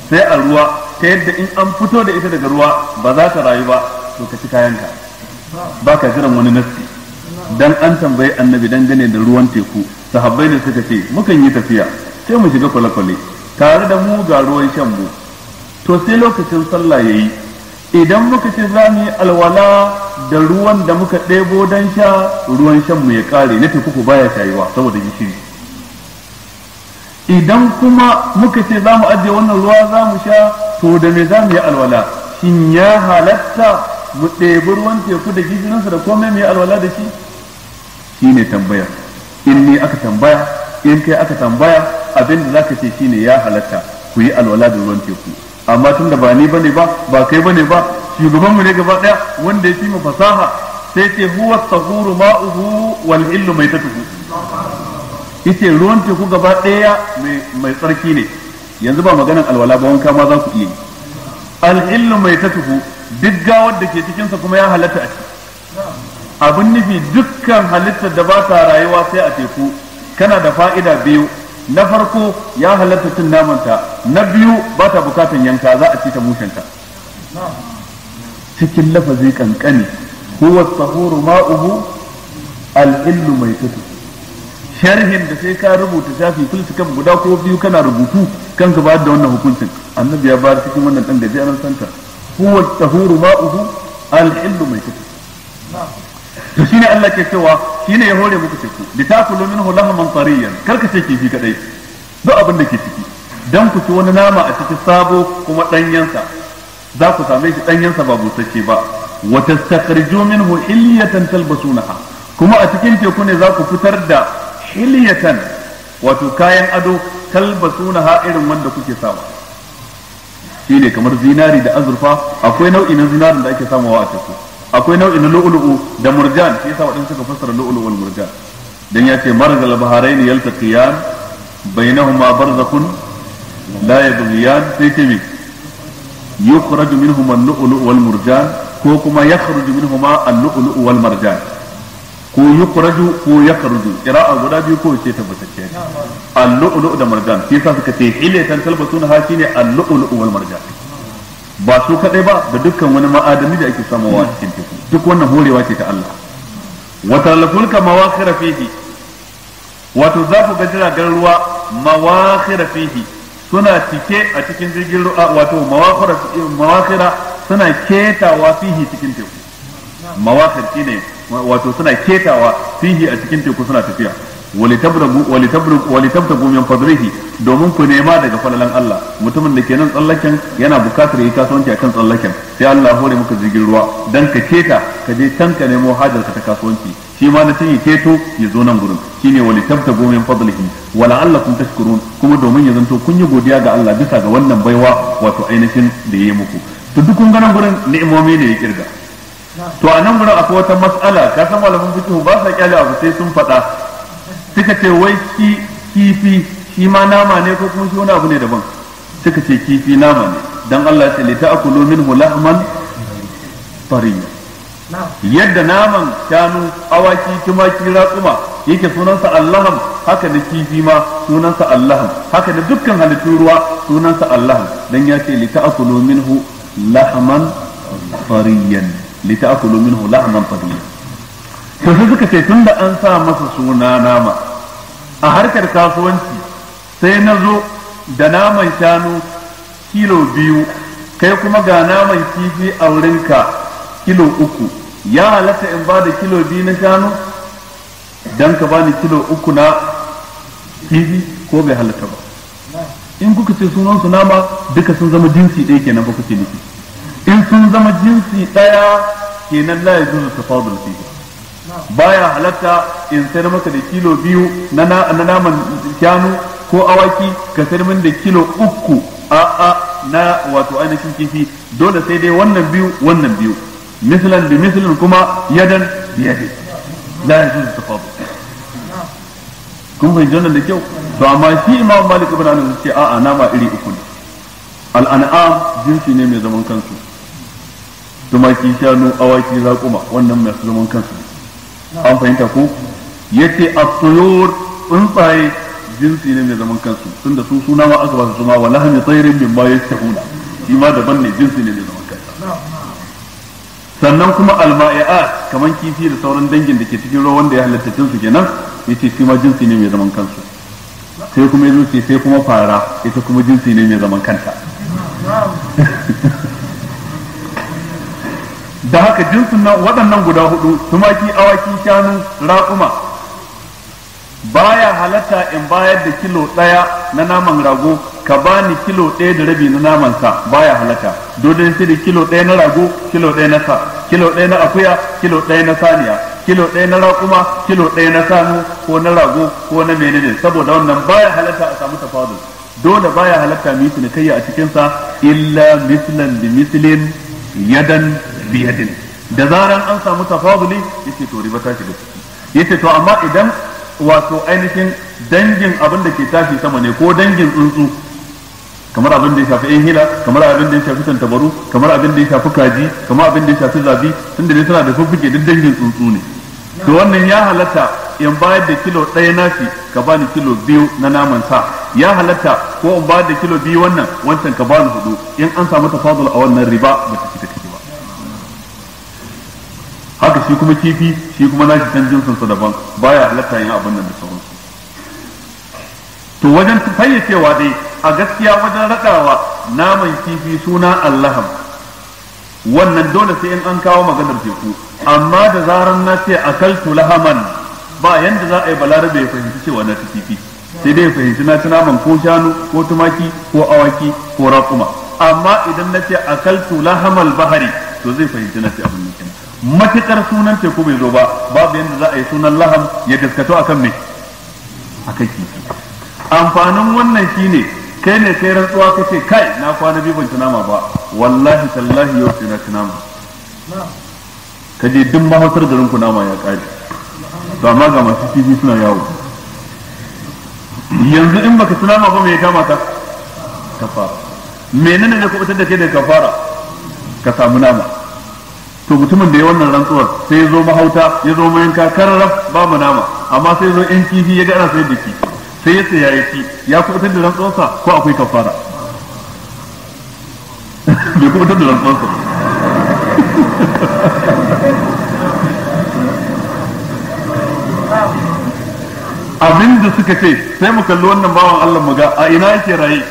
sai a ruwa ta yadda in an fito da ita daga ruwa ba za ta rayu ba to ka ci kayanka ba ka jiran wani nasi dan an tambayi annabi gane da ruwan teku sahabbai ne suka ce mukan yi tafiya sai mu shiga kwale-kwale tare da mu ga ruwan shan mu to sai lokacin sallah yayi idan muka ce za mu yi alwala da ruwan da muka ɗebo don sha ruwan shan mu ya ƙare na teku ko baya shayuwa saboda gishiri idan kuma muka ce za mu ajiye wannan ruwa za mu sha to da me za mu yi alwala shin ya halatta mu ɗebi ruwan teku da gizinansa da komai mu yi alwala da shi shine tambaya in ni aka tambaya in kai aka tambaya abin da zaka ce shine ya halatta ku yi alwala da ruwan teku amma tunda ba ni bane ba ba kai bane ba shugaban mu ne gaba daya wanda ya fi mu fasaha sai ce huwa sahuru ma'uhu wal illu mai tuhu. yace ruwan teku gaba ɗaya mai tsarki ne yanzu ba maganan alwala ba wanka ma za ku iya yi al'illu mai tuhu duk gawar da ke cikinsa kuma ya halatta a ciki abin nufi dukkan halittar da ba ta rayuwa sai a teku kana da fa'ida biyu na farko ya halatta cin namanta na biyu ba ta bukatan yanka za a ci ta mushenta cikin lafazi kankani huwa tsahuru ma'uhu al'illu mai tuhu sharhin da sai ka rubuta shafi kan guda ko biyu kana rubutu kan ka bayar da wannan hukuncin annabi ya bayar cikin wannan dan an santa huwa tahuru ma'uhu al-illu mai kace to shine Allah ke cewa shine ya hore muku teku li takulu minhu lahman tariyan karka ce kifi kadai duk abin da ke ciki dan ku ci wani nama a cikin sabo kuma danyensa za ku same shi danyensa ba busasshe ba wa tastakhriju minhu hilyatan talbasunaha kuma a cikin teku ne za ku fitar da hilyatan wato kayan ado talbasuna ha irin wanda kuke samu shine kamar zinari da azurfa akwai nau'i na zinarin da ake samawa a teku akwai nau'i na lu'ulu'u da murjan shi yasa waɗansu suka fassara lu'ulu'ul murjan dan ya ce margal baharaini yaltaqiyan bainahuma barzakhun la yabghiyan sai ce yi yukhraju minhuma al-lu'lu' wal murjan ko kuma yakhruju minhuma al-lu'lu' wal marjan ko yukraju ko yakhruju qira'a guda biyu ko ce tabbatacce ne al-lu'lu' da marjan shi yasa suka ce hilatan talbasuna ha shine al-lu'lu' wal marjan ba su kadai ba da dukkan wani ma'adani da ake samawa a cikin teku duk wannan horewa ce ta Allah wa tarlafulka mawakhira fihi wato za ku ga jiragen ruwa mawakhira fihi suna cike a cikin jirgin ruwa wato mawakhira mawakhira suna ketawa fihi cikin teku mawakhir shine wato suna ketawa fihi a cikin teku suna tafiya walitabtagu min fadrihi domin ku nema daga falalan Allah mutumin da ke nan tsallaken yana bukatar yi kasuwanci akan tsallaken sai Allah hore muka jirgin ruwa dan ka keta ka je can ka nemo hajar ka ta kasuwanci shi ma na cinye keto ya zo nan gurin shine walitabtagu min fadlihi allah kun tashkurun kuma domin ya zanto kun yi godiya ga Allah bisa ga wannan baiwa wato ainihin da ya yi muku to duk kun ga nan gurin ni'imomi ne ya kirga to a nan gurin akwai wata matsala ka san malaman fiki ba sa kyale abu sai sun faɗa suka ce wai kifi shi ma nama ne ko kuma shi wani abu ne daban suka ce kifi nama ne dan Allah ya ce li ta'kulu minhu lahman tariya yadda naman shanu awaki tumaki ratsuma yake sunansa allaham haka na kifi ma sunansa allaham haka na dukkan halittun ruwa sunansa allaham dan ya ce li ta'kulu minhu lahman tariyan litakulu minhu lahman tabiya to sai suka ce tunda an sa masa suna nama a harkar kasuwanci sai na zo da naman shanu kilo biyu kai kuma ga naman kifi a wurinka kilo uku ya halatta in ba da kilo biyu na shanu don ka bani kilo uku na kifi ko bai halatta ba in kuka ce su nama duka sun zama jinsi ɗaya kenan ba kuke nufi in sun zama jinsi ɗaya kenan la yajuzu tafadul fihi baya halatta in sayar maka da kilo biyu na naman kyanu ko awaki ka sayar min da kilo uku a a na wato ainihin kifi dole sai dai wannan biyu wannan biyu mislan bi mislan kuma yadan bi yadi la yajuzu tafadul kun fahimci wannan da kyau to amma shi imam malik ibn anas ce a'a nama iri uku ne al jinsi ne mai zaman kansu tumaki shanu awaki raƙuma wannan masu zaman kansu an fahimta ko yace as-suyur tsuntsaye jinsi ne mai zaman kansu tunda su suna ma aka ba su suna wa min tayrin mimma yashtahuna shi ma daban ne jinsi ne mai zaman kansa sannan kuma alma'i'at kaman kifi da sauran dangin da ke cikin ruwa wanda ya halatta jinsu kenan yace shi ma jinsi ne mai zaman kansu sai kuma yazo sai kuma fara ita kuma jinsi ne mai zaman kanta da haka jinsin nan waɗannan guda hudu tumaki awaki shanu raƙuma baya halatta in bayar da kilo ɗaya na naman rago ka bani kilo ɗaya da rabi na naman sa baya halatta dodon sai da kilo ɗaya na rago kilo ɗaya na sa kilo ɗaya na akuya kilo ɗaya na saniya kilo ɗaya na raƙuma kilo ɗaya na sanu ko na rago ko na menene saboda wannan baya halatta a samu tafadul dole baya halatta mu yi a cikin sa illa mislan bi mislin yadan biyadin da zaran an samu tafaduli yake to riba ta shiga ciki yace to amma idan wato ainihin dangin abin da ke tashi sama ne ko dangin tsuntsu kamar abin da ya shafi yan hila kamar abin da ya shafi tantabaru kamar abin da ya shafi kaji kamar abin da ya shafi zabi tunda ne suna da fuffuke duk dangin tsuntsu ne to wannan ya halatta in bayar da kilo ɗaya nashi ka bani kilo biyu na naman sa ya halatta ko in bayar da kilo biyu wannan wancan ka bani hudu in an samu tafadul a wannan riba ba ta fita haka shi kuma kifi shi kuma nashi can jinsin sa daban baya halatta yin abin nan da sauransu to wajen fayyacewa dai a gaskiya wajen raɗawa naman kifi suna allaham wannan dole sai in an kawo maganar teku amma da zarar na ce a kaltu lahaman ba yanda za a yi balarabe ya fahimci cewa na kifi sai dai ya fahimci na naman ko shanu ko tumaki ko awaki ko raƙuma amma idan na ce a kaltu lahamal bahari to zai fahimci na ce abin nan matukar sunan teku bai zo ba babu yadda za a yi sunan laham ya gaskato akan me akan kifi amfanin wannan shine kai ne sai rantsuwa ce kai na kwana biyu ban ci nama ba wallahi tallahi yau sai na ci nama ka je duk mahausar garin ku nama ya kare to amma ga masu kifi suna yawo yanzu in baka ci nama ba me kama ka kafara menene ne kubutar da kai daga kafara ka samu nama to mutumin da ya wannan rantsuwar sai ya zo mahauta ya zo mayanka kararraf ba mu nama amma sai zo in kifi ya ga ana sayar da sai ya saya ya ci ya kubutar da rantsuwarsa ko akwai kafara bai kubutar da rantsuwarsa abin da suka ce sai mu kalli wannan bawan Allah mu ga a ina yake raye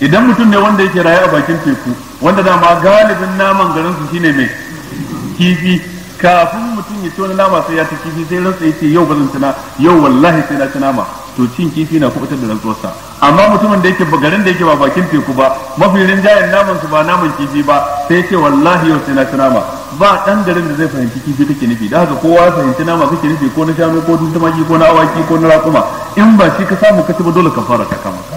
idan mutum ne wanda yake raye a bakin teku wanda dama galibin naman garin su shine mai kifi kafin mutum ya ci wani nama sai ya ta kifi sai ransa ya ce yau bazan tana yau wallahi sai na ci nama to cin kifi na kubutar da rantsuwarsa amma mutumin da yake garin da yake ba bakin teku ba mafi rinjayen naman su ba naman kifi ba sai ce wallahi yau sai na ci nama ba dan garin da zai fahimci kifi kake nufi da haka kowa ya fahimci nama kake nufi ko na shanu ko na tumaki ko na awaki ko na raƙuma in ba shi ka samu ka ci ba dole ka fara ta kama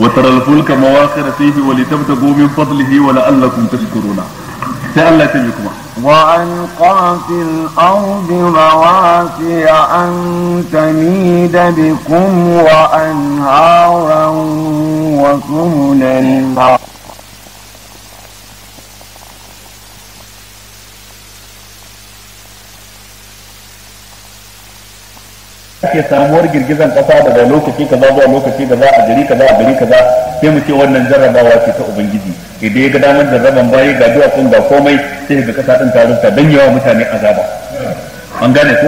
وترى الفلك مواخر فيه ولتبتغوا من فضله ولعلكم تشكرون وألقى في الأرض رواسي أن تميد بكم وأنهارا وسهلا suke samuwar girgizan kasa daga lokaci kaza zuwa lokaci za a gari za a gari kaza sai mu ce wannan jarrabawa ce ta ubangiji idan ya ga damar jarraban bayi ga duwatsun ga komai sai ga kasa din ta don yawa mutane azaba an gane ko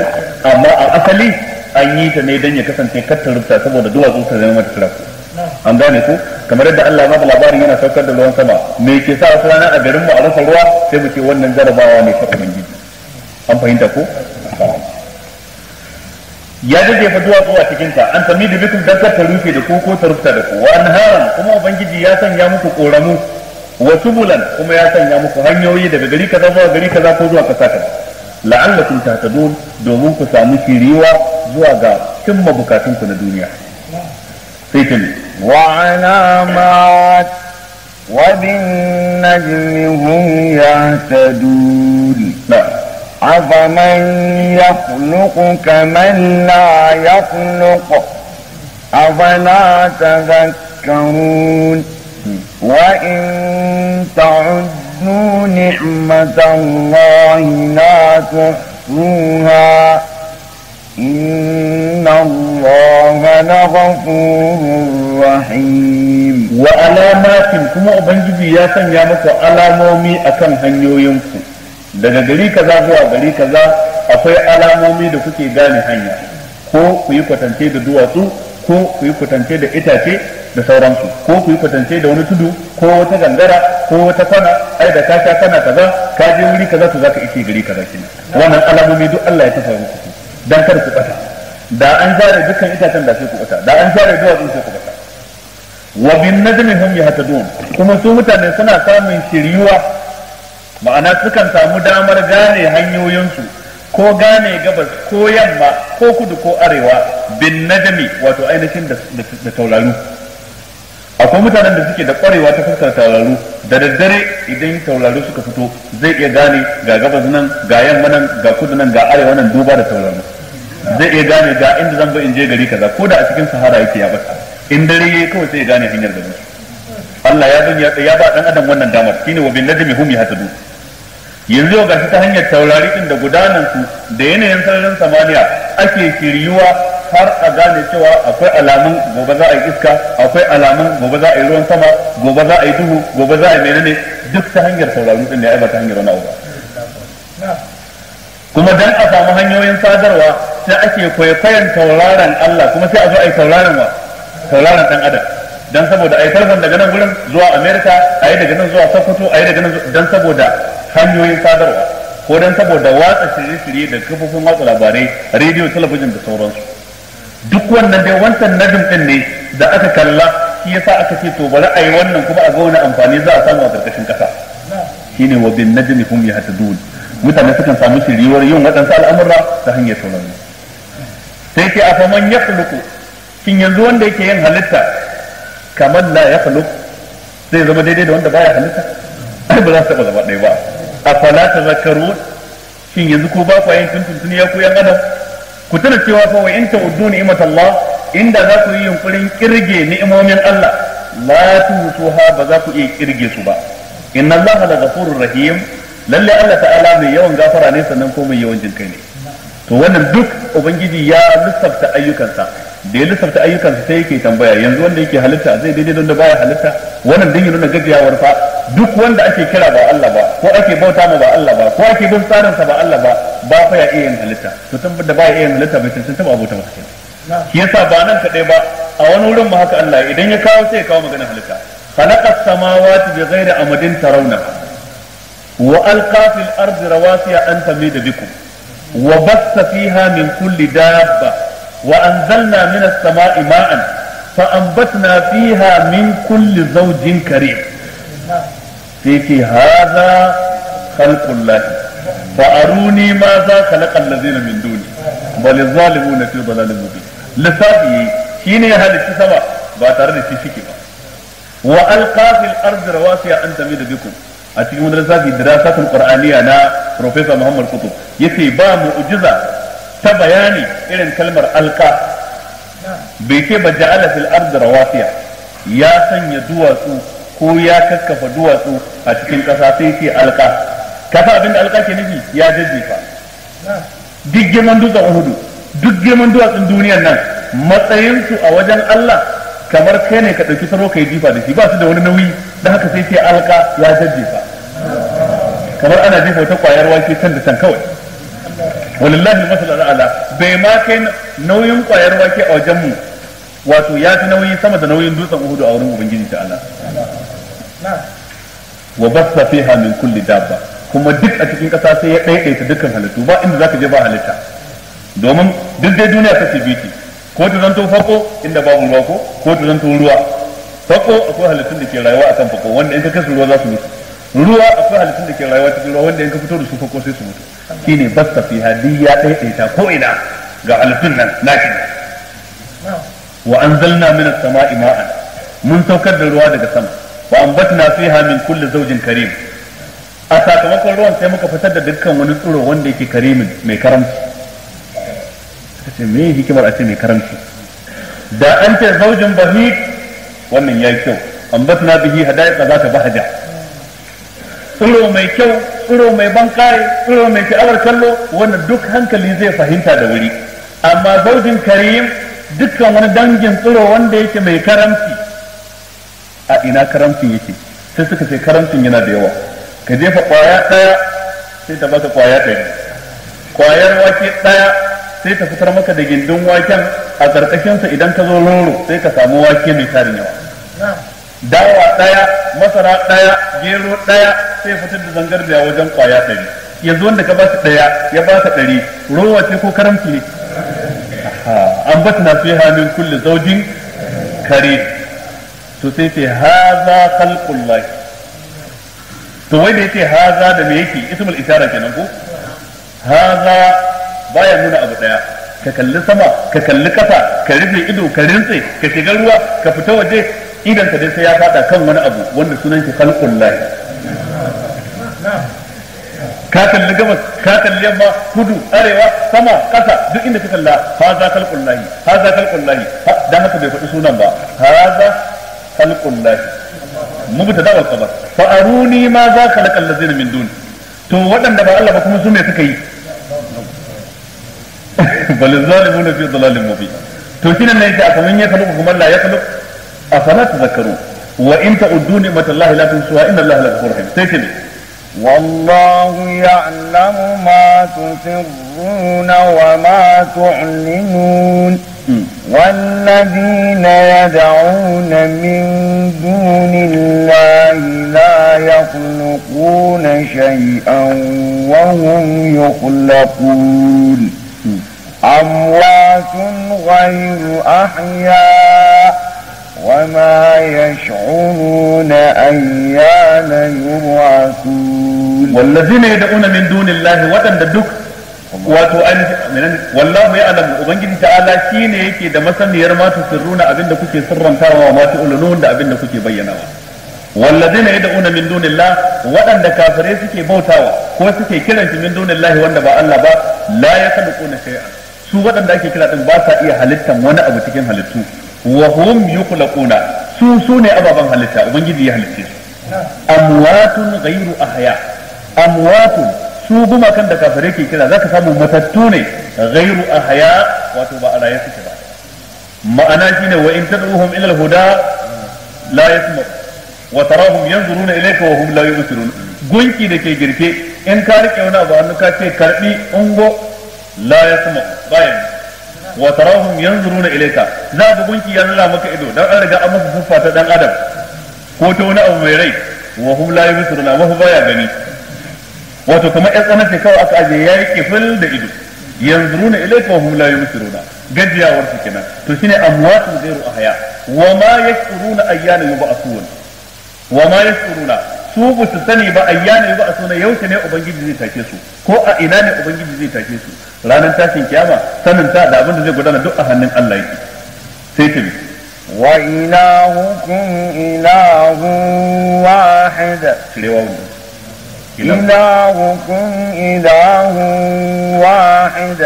amma a asali an yi ta ne dan ya kasance kattar rufta saboda duwatsu ta zama mata tiraku an gane ko kamar yadda Allah ba labarin yana saukar da ruwan sama me ke sa wasu rana a garin mu a rasa ruwa sai mu ce wannan jarrabawa ne ta ubangiji an fahimta ko ya jajjefa duwatsu a cikin ta an sami da dan ta rufe da ku ko ta rufta da ku wa anharan kuma ubangiji ya sanya muku koramu wa subulan kuma ya sanya muku hanyoyi daga gari kaza zuwa gari kaza ko zuwa kasa kaza la'allakum tahtadun domin ku samu shiriwa zuwa ga cimma bukatun ku na duniya sai wa alamat wa bin najmihum yahtadun أفمن يخلق كمن لا يخلق أفلا تذكرون وإن تعدوا نعمة الله لا تحصوها إن الله لغفور رحيم وعلامات كما أبنجي يا سنيا مكو علامومي أكم هنيو ينفو daga gari kaza zuwa gari kaza akwai alamomi da kuke gane hanya ko ku yi kwatance da duwatsu ko ku yi kwatance da itace da sauransu ko ku yi kwatance da wani tudu ko wata gangara ko wata kwana ai da ka sha kana kaza ka je wuri kaza to zaka ishe gari kaza kin wannan alamomi duk Allah ya tafa muku dan kar ku bata da an zare dukkan itacen da sai ku bata da an zare duwatsu sai ku bata wa bin najmi yahtadun kuma su mutane suna samun shiryuwa ma'ana sukan samu damar gane hanyoyinsu ko gane gabas ko yamma ko kudu ko arewa bin najami wato ainihin da tauraru akwai mutanen da suke da kwarewa ta fuskar tauraru da daddare idan tauraru suka fito zai iya gane ga gabas nan ga yamma nan ga kudu nan ga arewa nan duba da tauraru zai iya gane ga inda zan bi in je gari kaza ko da a cikin sahara yake ya bata in dare yayi kawai sai ya gane hanyar da Allah ya ya ba dan adam wannan damar shine wa bin najmi hum yahtadun yanzu yau gashi ta hanyar taurari din da gudanan su da yanayin sararin samaniya ake shiryuwa har a gane cewa akwai alamun gobe za a yi iska akwai alamun gobe za a yi ruwan sama gobe za a yi duhu gobe za a yi menene duk ta hanyar taurari din da ya ta hanyar wani abu kuma dan a samu hanyoyin sadarwa sai ake kwaikwayon tauraron Allah kuma sai a zo a yi tauraron wa tauraron dan adam dan saboda ai telefon daga nan gurin zuwa America ai daga nan zuwa Sokoto ai daga nan dan saboda hanyoyin sadarwa ko dan saboda watsa shirye-shirye da kafofin watsa labarai rediyo, talabijin da sauransu duk wannan dai wancan nadim din ne da aka kalla shi yasa aka ce to bari ai wannan kuma a ga wani amfani za a samu a karkashin kasa shine wa bin najmi hum yahtadun mutane sukan samu shiriyar yin waɗansu al'amura ta hanyar sauran sai ke a faman ya kuluku shin yanzu wanda yake yin halitta kamar la ya halu zai zama daidai da wanda baya halitta ai ba za su taba zama ɗaya ba ta zakaru. shin yanzu ko ba ku yin tuntun ya ku yan adam ku tuna cewa fa wa in ta'uddu Allah inda za ku yi yunkurin kirge ni'imomin Allah la tuhsuha ba za ku iya kirge su ba inna Allah la ghafurur rahim lalle Allah ta'ala mai yawan gafara ne sannan ko mai yawan jinkai ne to wannan duk ubangiji ya lissafta ayyukansa da ya lissafta ayyukansa sai yake tambaya yanzu wanda yake halitta zai daidai don da baya halitta wannan din ya nuna fa duk wanda ake kira ba Allah ba ko ake bauta ma ba Allah ba ko ake bin tsarin sa ba Allah ba ba fa ya iya yin halitta to tabbata da baya iya yin halitta bai tantance ba abota masa kenan shi yasa ba nan kadai ba a wani wurin ma haka Allah idan ya kawo sai ya kawo magana halitta khalaqas samawati ghairi amadin tarawna wa alqa fil ardi rawasiya an tamida bikum wa basta fiha min kulli dabba وأنزلنا من السماء ماء فأنبتنا فيها من كل زوج كريم فيك هذا خلق الله فأروني ماذا خلق الذين من دوني بل الظالمون في ضلال مبين lissafi shine ya halitta sama ba tare da shi shike ba wa alqa fil ardi rawasiya an tamida bikum a cikin wani lissafi dirasatun qur'aniya na professor Muhammad Kutub yace ba mu'ujiza. ta bayani irin kalmar alka bai ce ba ja'ala fil ardi rawasiya ya sanya duwatsu ko ya kakkafa duwatsu a cikin kasa sai ce alka kasa abinda alka ke nufi ya jajjefa duk girman dutsen uhudu duk girman duwatsun duniyar nan matsayinsu a wajen Allah kamar kai ne ka ɗauki saro ka yi jifa da shi ba su da wani nauyi da haka sai ce alka ya jajjefa kamar ana jefa wata kwayar wake can da can kawai walillahi masalar ala bai ma kai nauyin kwayar wake a wajen mu wato ya fi nauyi sama da nauyin dutsen uhudu a wurin ubangiji ta ala wa basta fi min kulli dabba kuma duk a cikin kasa sai ya ɗaiɗaita dukkan halittu ba inda zaka je ba halitta domin duk dai duniya ta biki ko ta zanto fako inda babu ruwa ko ko ta zanto ruwa fako akwai halittun da ke rayuwa akan fako wanda in ka kasu ruwa za su mutu ruwa akwai halittun da ke rayuwa cikin ruwa wanda in ka fito da su fako sai su mutu shine bas fi duk ya ɗaiɗaita ko ina ga halittun nan naki wa an min as-sama'i ma'an mun saukar da ruwa daga sama wa na fiha min kulle zaujin karim a sakamakon ruwan sai muka fitar da dukkan wani tsiro wanda yake karimin mai karamci ta ce me hikimar a ce mai karamci da an ce zaujin bahik wannan ya yi kyau na bihi hada'iqa zata bahaja tsiro mai kyau tsiro mai bankare tsiro mai sha'awar kallo wannan duk hankali zai fahimta da wuri amma zaujin karim dukkan wani dangin tsiro wanda yake mai karamci a ina karamcin yake sai suka ce karamcin yana da yawa ka jefa kwaya ɗaya sai ta baka kwaya ɗari kwayar wake ɗaya sai ta fitar maka da gindin waken a ƙarƙashinsa idan ka zo roro sai ka samu wake mai tarin yawa dawa ɗaya masara ɗaya gero ɗaya sai fitar da zangar da wajen kwaya dari yanzu wanda ka ba su ɗaya ya ba su ɗari rowa ce ko karamci ne ambatna fiha hannun kulle zaujin kare to sai ce haza lai to wai da yace haza da me yake ismul isara kenan ko haza baya nuna abu daya ka kalli sama ka kalli kafa ka rufe ido ka rintse ka shiga ruwa ka fita waje idan ta dai sai ya fada kan wani abu wanda sunan shi khalqul lahi ka kalli gabas ka kalli yamma kudu arewa sama kasa duk inda ka kalla za khalqul lahi za khalqul lahi dan haka bai faɗi sunan ba Ha za khalqul lahi mubtada wal khabar fa aruni ma za khalaqal ladzina min duni to waɗanda ba Allah ba kuma su me suka yi bal zalimuna fi dhalalin mubin to kinan ne yake a kaman ya khaluqu kuma la ya khaluqu أفلا تذكرون وإن تعدوا نعمة الله لا تنسوها إن الله لغفور رحيم سيكني والله يعلم ما تسرون وما تعلنون والذين يدعون من دون الله لا يخلقون شيئا وهم يخلقون أموات غير أحيان وما يشعرون أيان يبعثون والذين يدعون من دون الله ودن دك wato an wallahu ya alamu ubangiji ta'ala shine yake da masaniyar ma sirruna abinda kuke sirrantawa wa ma tu'linun da abinda kuke bayyanawa walladina yad'una min dunillah waɗanda kafare suke bautawa ko suke kiran shi min dunillah wanda ba Allah ba la yakhluquna shay'an su waɗanda ake kira din ba sa iya halittan wani abu cikin halittu wa hum yukhlaquna su su ne ababan halitta ubangiji ya halitta su amwatun ghayru ahya amwatun su kan da kafare ke kira zaka samu matattu ne ghayru ahya wato ba a raye suke ba ma'ana shine wa in tad'uhum ila al-huda la yasma wa tarahum yanzuruna ilayka wa hum la yubsirun gunki da ke girke in ka rike wani abu hannu ka ce karbi ungo la yasma bayan wa tarahum yanzuruna ilayka za ga gunki ya nuna maka ido dan an riga an masa siffa ta dan adam ko ta wani abu mai rai wa hum la yusruna wa huwa ya gani wato kuma yan tsanan kawai aka aje yayi kifil da ido yanzuruna ilayka wa hum la yusruna gajiyawar su kenan to shine amwatun ghairu ahya wa ma yashuruna ayyana yub'asun wa ma yashuruna su ba su sani ba ayyana yub'athuna yaushe ne ubangiji zai take su ko a ina ne ubangiji zai take su ranar tashin kiyama sanin ta da abin da zai gudana duk a hannun Allah yake sai ta bi wa ilahukum ilahu wahid kirewa wannan ilahukum ilahu wahid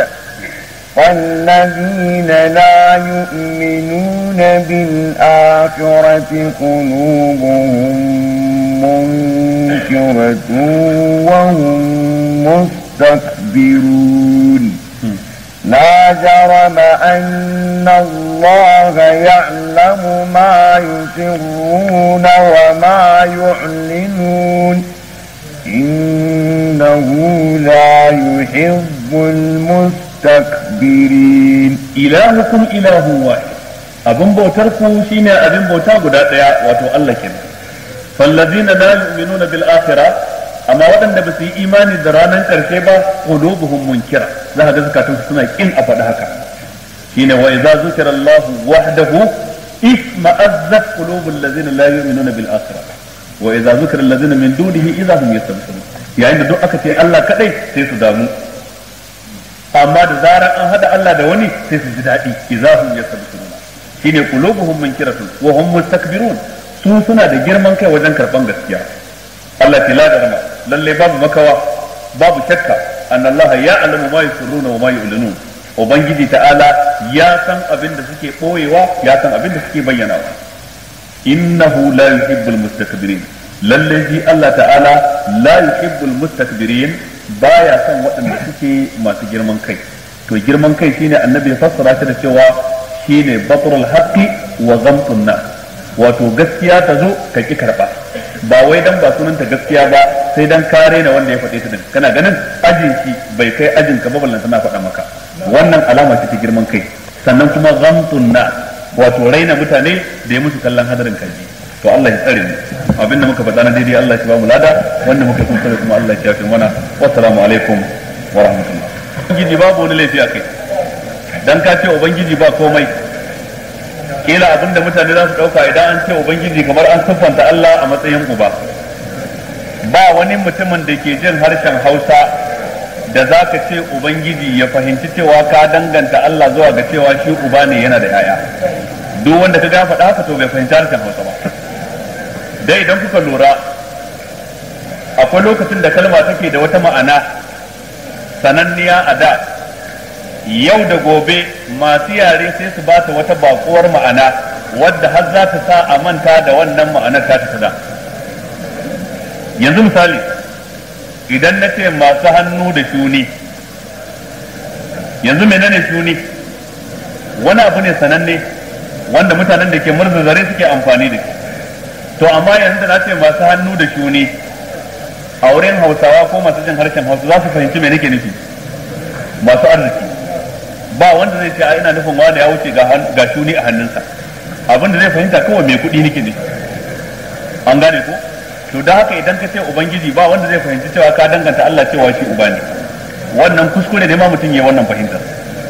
والذين لا يؤمنون بالآخرة قلوبهم منكرة وهم مستكبرون مخبرون لا جرم أن الله يعلم ما يسرون وما يعلنون إنه لا يحب المستكبرين إلهكم إله واحد abin bautar ku shine abin bauta guda daya wato Allah kenan fallazina la yu'minuna bil akhirah amma waɗanda ba su yi imani da ranar ƙarshe ba qulubuhum munkira za ka ga zakatun suna kin a faɗa haka shine wa idza zukira Allahu wahdahu isma'azzat qulubul ladzina la yu'minuna bil akhirah wa idza zukira alladzina min dunihi idza hum yastabshirun yayin da duk aka ce Allah kadai sai su damu amma da zarar an hada Allah da wani sai su ji daɗi idza hum yastabshirun shine qulubuhum munkiratun wa hum mustakbirun su suna da girman kai wajen karban gaskiya Allah ke la da lalle babu makawa babu shakka anna Allah ya alamu ma yusirruna wa ma yu'linun ubangiji ta'ala ya san abin da suke boyewa ya san abin da suke bayyanawa innahu la yuhibbul mustakbirin lalle ji Allah ta'ala la yuhibbul mustakbirin baya son waɗanda suke masu girman kai to girman kai shine annabi ya fassara shi da cewa shine batrul haqqi wa ghamtun nas wato gaskiya ta zo ka ki karba ba wai dan ba sunanta gaskiya ba sai dan kare na wanda ya faɗe ta din kana ganin ajin shi bai kai ajin ka ba ballan tana faɗa maka wannan alama ce ta girman kai sannan kuma zamtun na wato raina mutane da ya musu kallon hadarin kaji to Allah ya tsare mu abin da muka faɗa na daidai Allah ya ba mu lada wanda muka kuma kuma Allah ya yafe mana assalamu alaikum wa rahmatullah ubangiji babu wani laifi a kai dan ka ce ubangiji ba komai kila abinda mutane za su dauka idan an ce ubangiji kamar an siffanta Allah a matsayin uba ba wani mutumin da ke jin harshen hausa da za ka ce ubangiji ya fahimci cewa ka danganta Allah zuwa ga cewa shi uba ne yana da yaya duk wanda ka gafa haka to bai fahimci harshen hausa ba dai idan kuka lura akwai lokacin da kalma take da wata ma'ana sananniya a da yau da gobe masu yare sai su ba ta wata bakuwar ma'ana wadda har za ta sa a manta da wannan ma'anar ta ta da. yanzu misali idan na ce masu hannu da shuni yanzu ne shuni wani abu ne sananne wanda mutanen da ke murza zare suke amfani da to amma yanzu da na ce masu hannu da shuni a wurin hausawa ko masu jin harshen hausa za su fahimci me nake nufi masu arziki ba wanda zai ce a ina nufin wani ya wuce ga shuni a hannunsa Abin da zai fahimta kawai mai kuɗi nake nufi an gane ko to da haka idan ka ce ubangiji ba wanda zai fahimci cewa ka danganta Allah cewa shi uba ne wannan kuskure ne ma mutum ya wannan fahimtar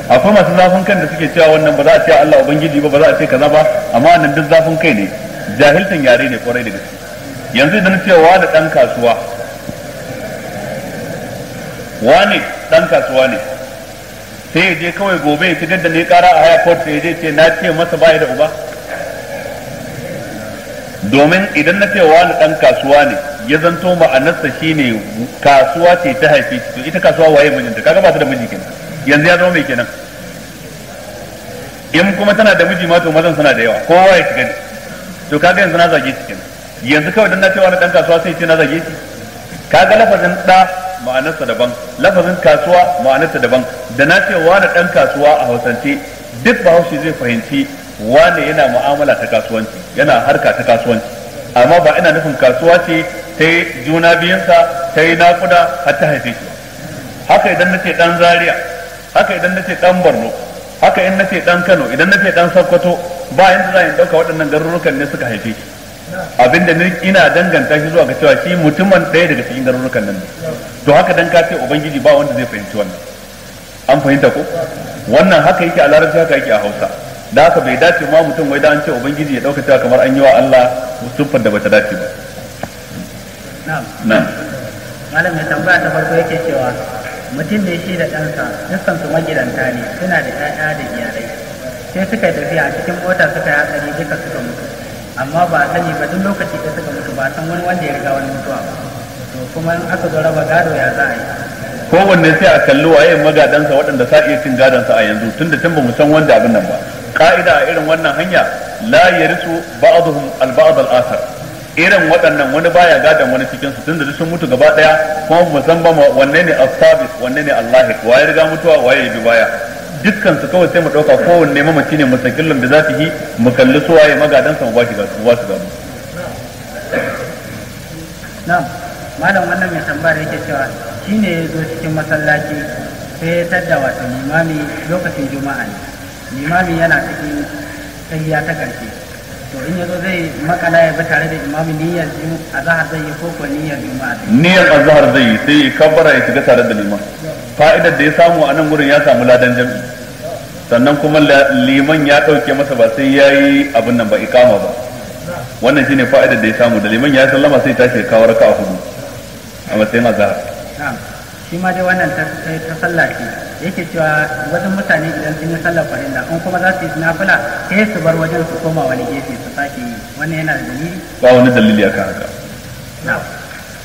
akwai masu zafin kan da suke cewa wannan ba za a ce Allah ubangiji ba ba za a ce kaza ba amma nan duk zafin kai ne jahiltan yare ne kwarai da gaske yanzu idan cewa da dan kasuwa wane dan kasuwa ne sai ya je kawai gobe ya fitar da ne kara a haya court sai ya je ce na ce masa baya da uba domin idan na ce wani dan kasuwa ne ya zanto ma'anarsa ne kasuwa ce ta haife to ita kasuwa waye mijinta kaga ba ta da miji kenan yanzu ya zama mai kenan in kuma tana da miji ma to mazan suna da yawa kowa ya shiga ne to kaga yanzu na zage shi kenan yanzu kawai idan na ce wani dan kasuwa sai ce na zage shi kaga lafazin da ma'anarsa daban lafazin kasuwa ma'anarsa daban da na ce wani dan kasuwa a Hausance duk bahaushe zai fahimci wani yana mu'amala ta kasuwanci yana harka ta kasuwanci amma ba ina nufin kasuwa ce ta yi juna biyunsa ta yi nakuda har ta haife shi haka idan nace dan zaria haka idan nace dan borno haka in nace dan kano idan nace dan sokoto ba yanda za in dauka waɗannan garurukan ne suka haife shi abinda ina danganta shi zuwa ga cewa shi mutumin ɗaya daga cikin garurukan nan to haka dan ka ce ubangiji ba wanda zai fahimci wannan an fahimta ko wannan haka yake a larabci haka yake a hausa da haka bai dace ma mutum wai da an ce ubangiji ya dauka cewa kamar an yi wa Allah siffar da bata dace ba na'am malam ya tambaya ta farko yake cewa mutum da shi da ɗansa dukkan su magidanta ne suna da ƴaƴa da iyalai sai suka yi tafiya a cikin mota suka yi hatsari duka suka mutu amma ba a sani ba duk lokaci da suka mutu ba san wani wanda ya riga wani mutuwa to kuma in aka zo raba gado ya za a yi kowanne sai a kalli waye magadansa waɗanda sa iya cin gadonsa a yanzu tunda tun ba mu san wanda abin nan ba ka'ida a irin wannan hanya la yarisu ba'dhum al-ba'd al-akhar irin waɗannan wani baya gadan wani cikin su tunda sun mutu gaba daya kuma mu san ba wanne ne as wanne ne Allah wa ya riga mutuwa wa ya bi baya dukkan su kawai sai mu dauka kowanne mamaci ne musakillun da yi, mu kalli su waye magadan sa mu ba shi ba su gado na'am malam wannan mai tambayar yake cewa shine ya zo cikin masallaci sai ya tadda wato limami lokacin juma'a ne imami yana cikin tahiya ta karshe to in yazo zai makala ya bi tare da imami niyyar azhar zai yi ko ko niyyar juma'a niyyar azhar zai yi sai kabbara ya shiga tare da liman fa'idar da ya samu a nan gurin ya samu ladan jami'i sannan kuma liman ya dauke masa ba sai yayi abin nan ba ikama ba wannan shine fa'idar da ya samu da liman ya sallama sai tashi kawar ka a hudu a matsayin azhar na'am shi ma dai wannan ta sallah ce yake cewa wajen mutane idan sun yi sallar farilla in kuma za su yi nafila sai su bar wajen su koma wani gefe su sake yi wannan yana da dalili ba wani dalili kan haka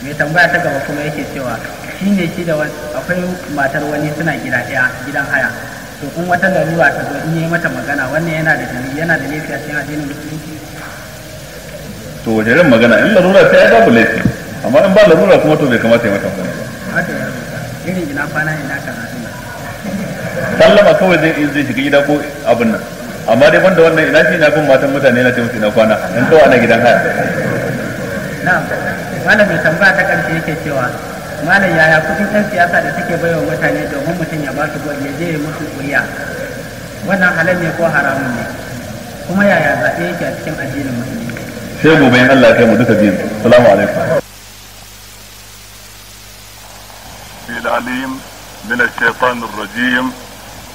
mai tambaya ta gaba kuma yake cewa shi ne shi da akwai matar wani suna gida ɗaya gidan haya to in wata lalura ta zo in yi mata magana wannan yana da dalili yana da laifi a cikin addinin musulunci to wajen magana in larura ta yi babu laifi amma in ba larura kuma to bai kamata ya mata magana ba haka ya rubuta irin gina kwana ina kaza sallama kawai zai zai shiga gida ko abin nan amma dai banda wannan ina shi ina bin matan mutane na taimaka na kwana in kawai ana gidan haya na'am malam mai tambaya ta karshe yake cewa malam yaya kudin ɗan siyasa da bai baiwa mutane domin mutum ya ba su gwai ya je ya musu kuriya wannan halal ne ko haramun ne kuma yaya zaɓe yake a cikin addinin musulmi sai gobe in Allah ya kai mu duka biyun salamu alaikum من الشيطان الرجيم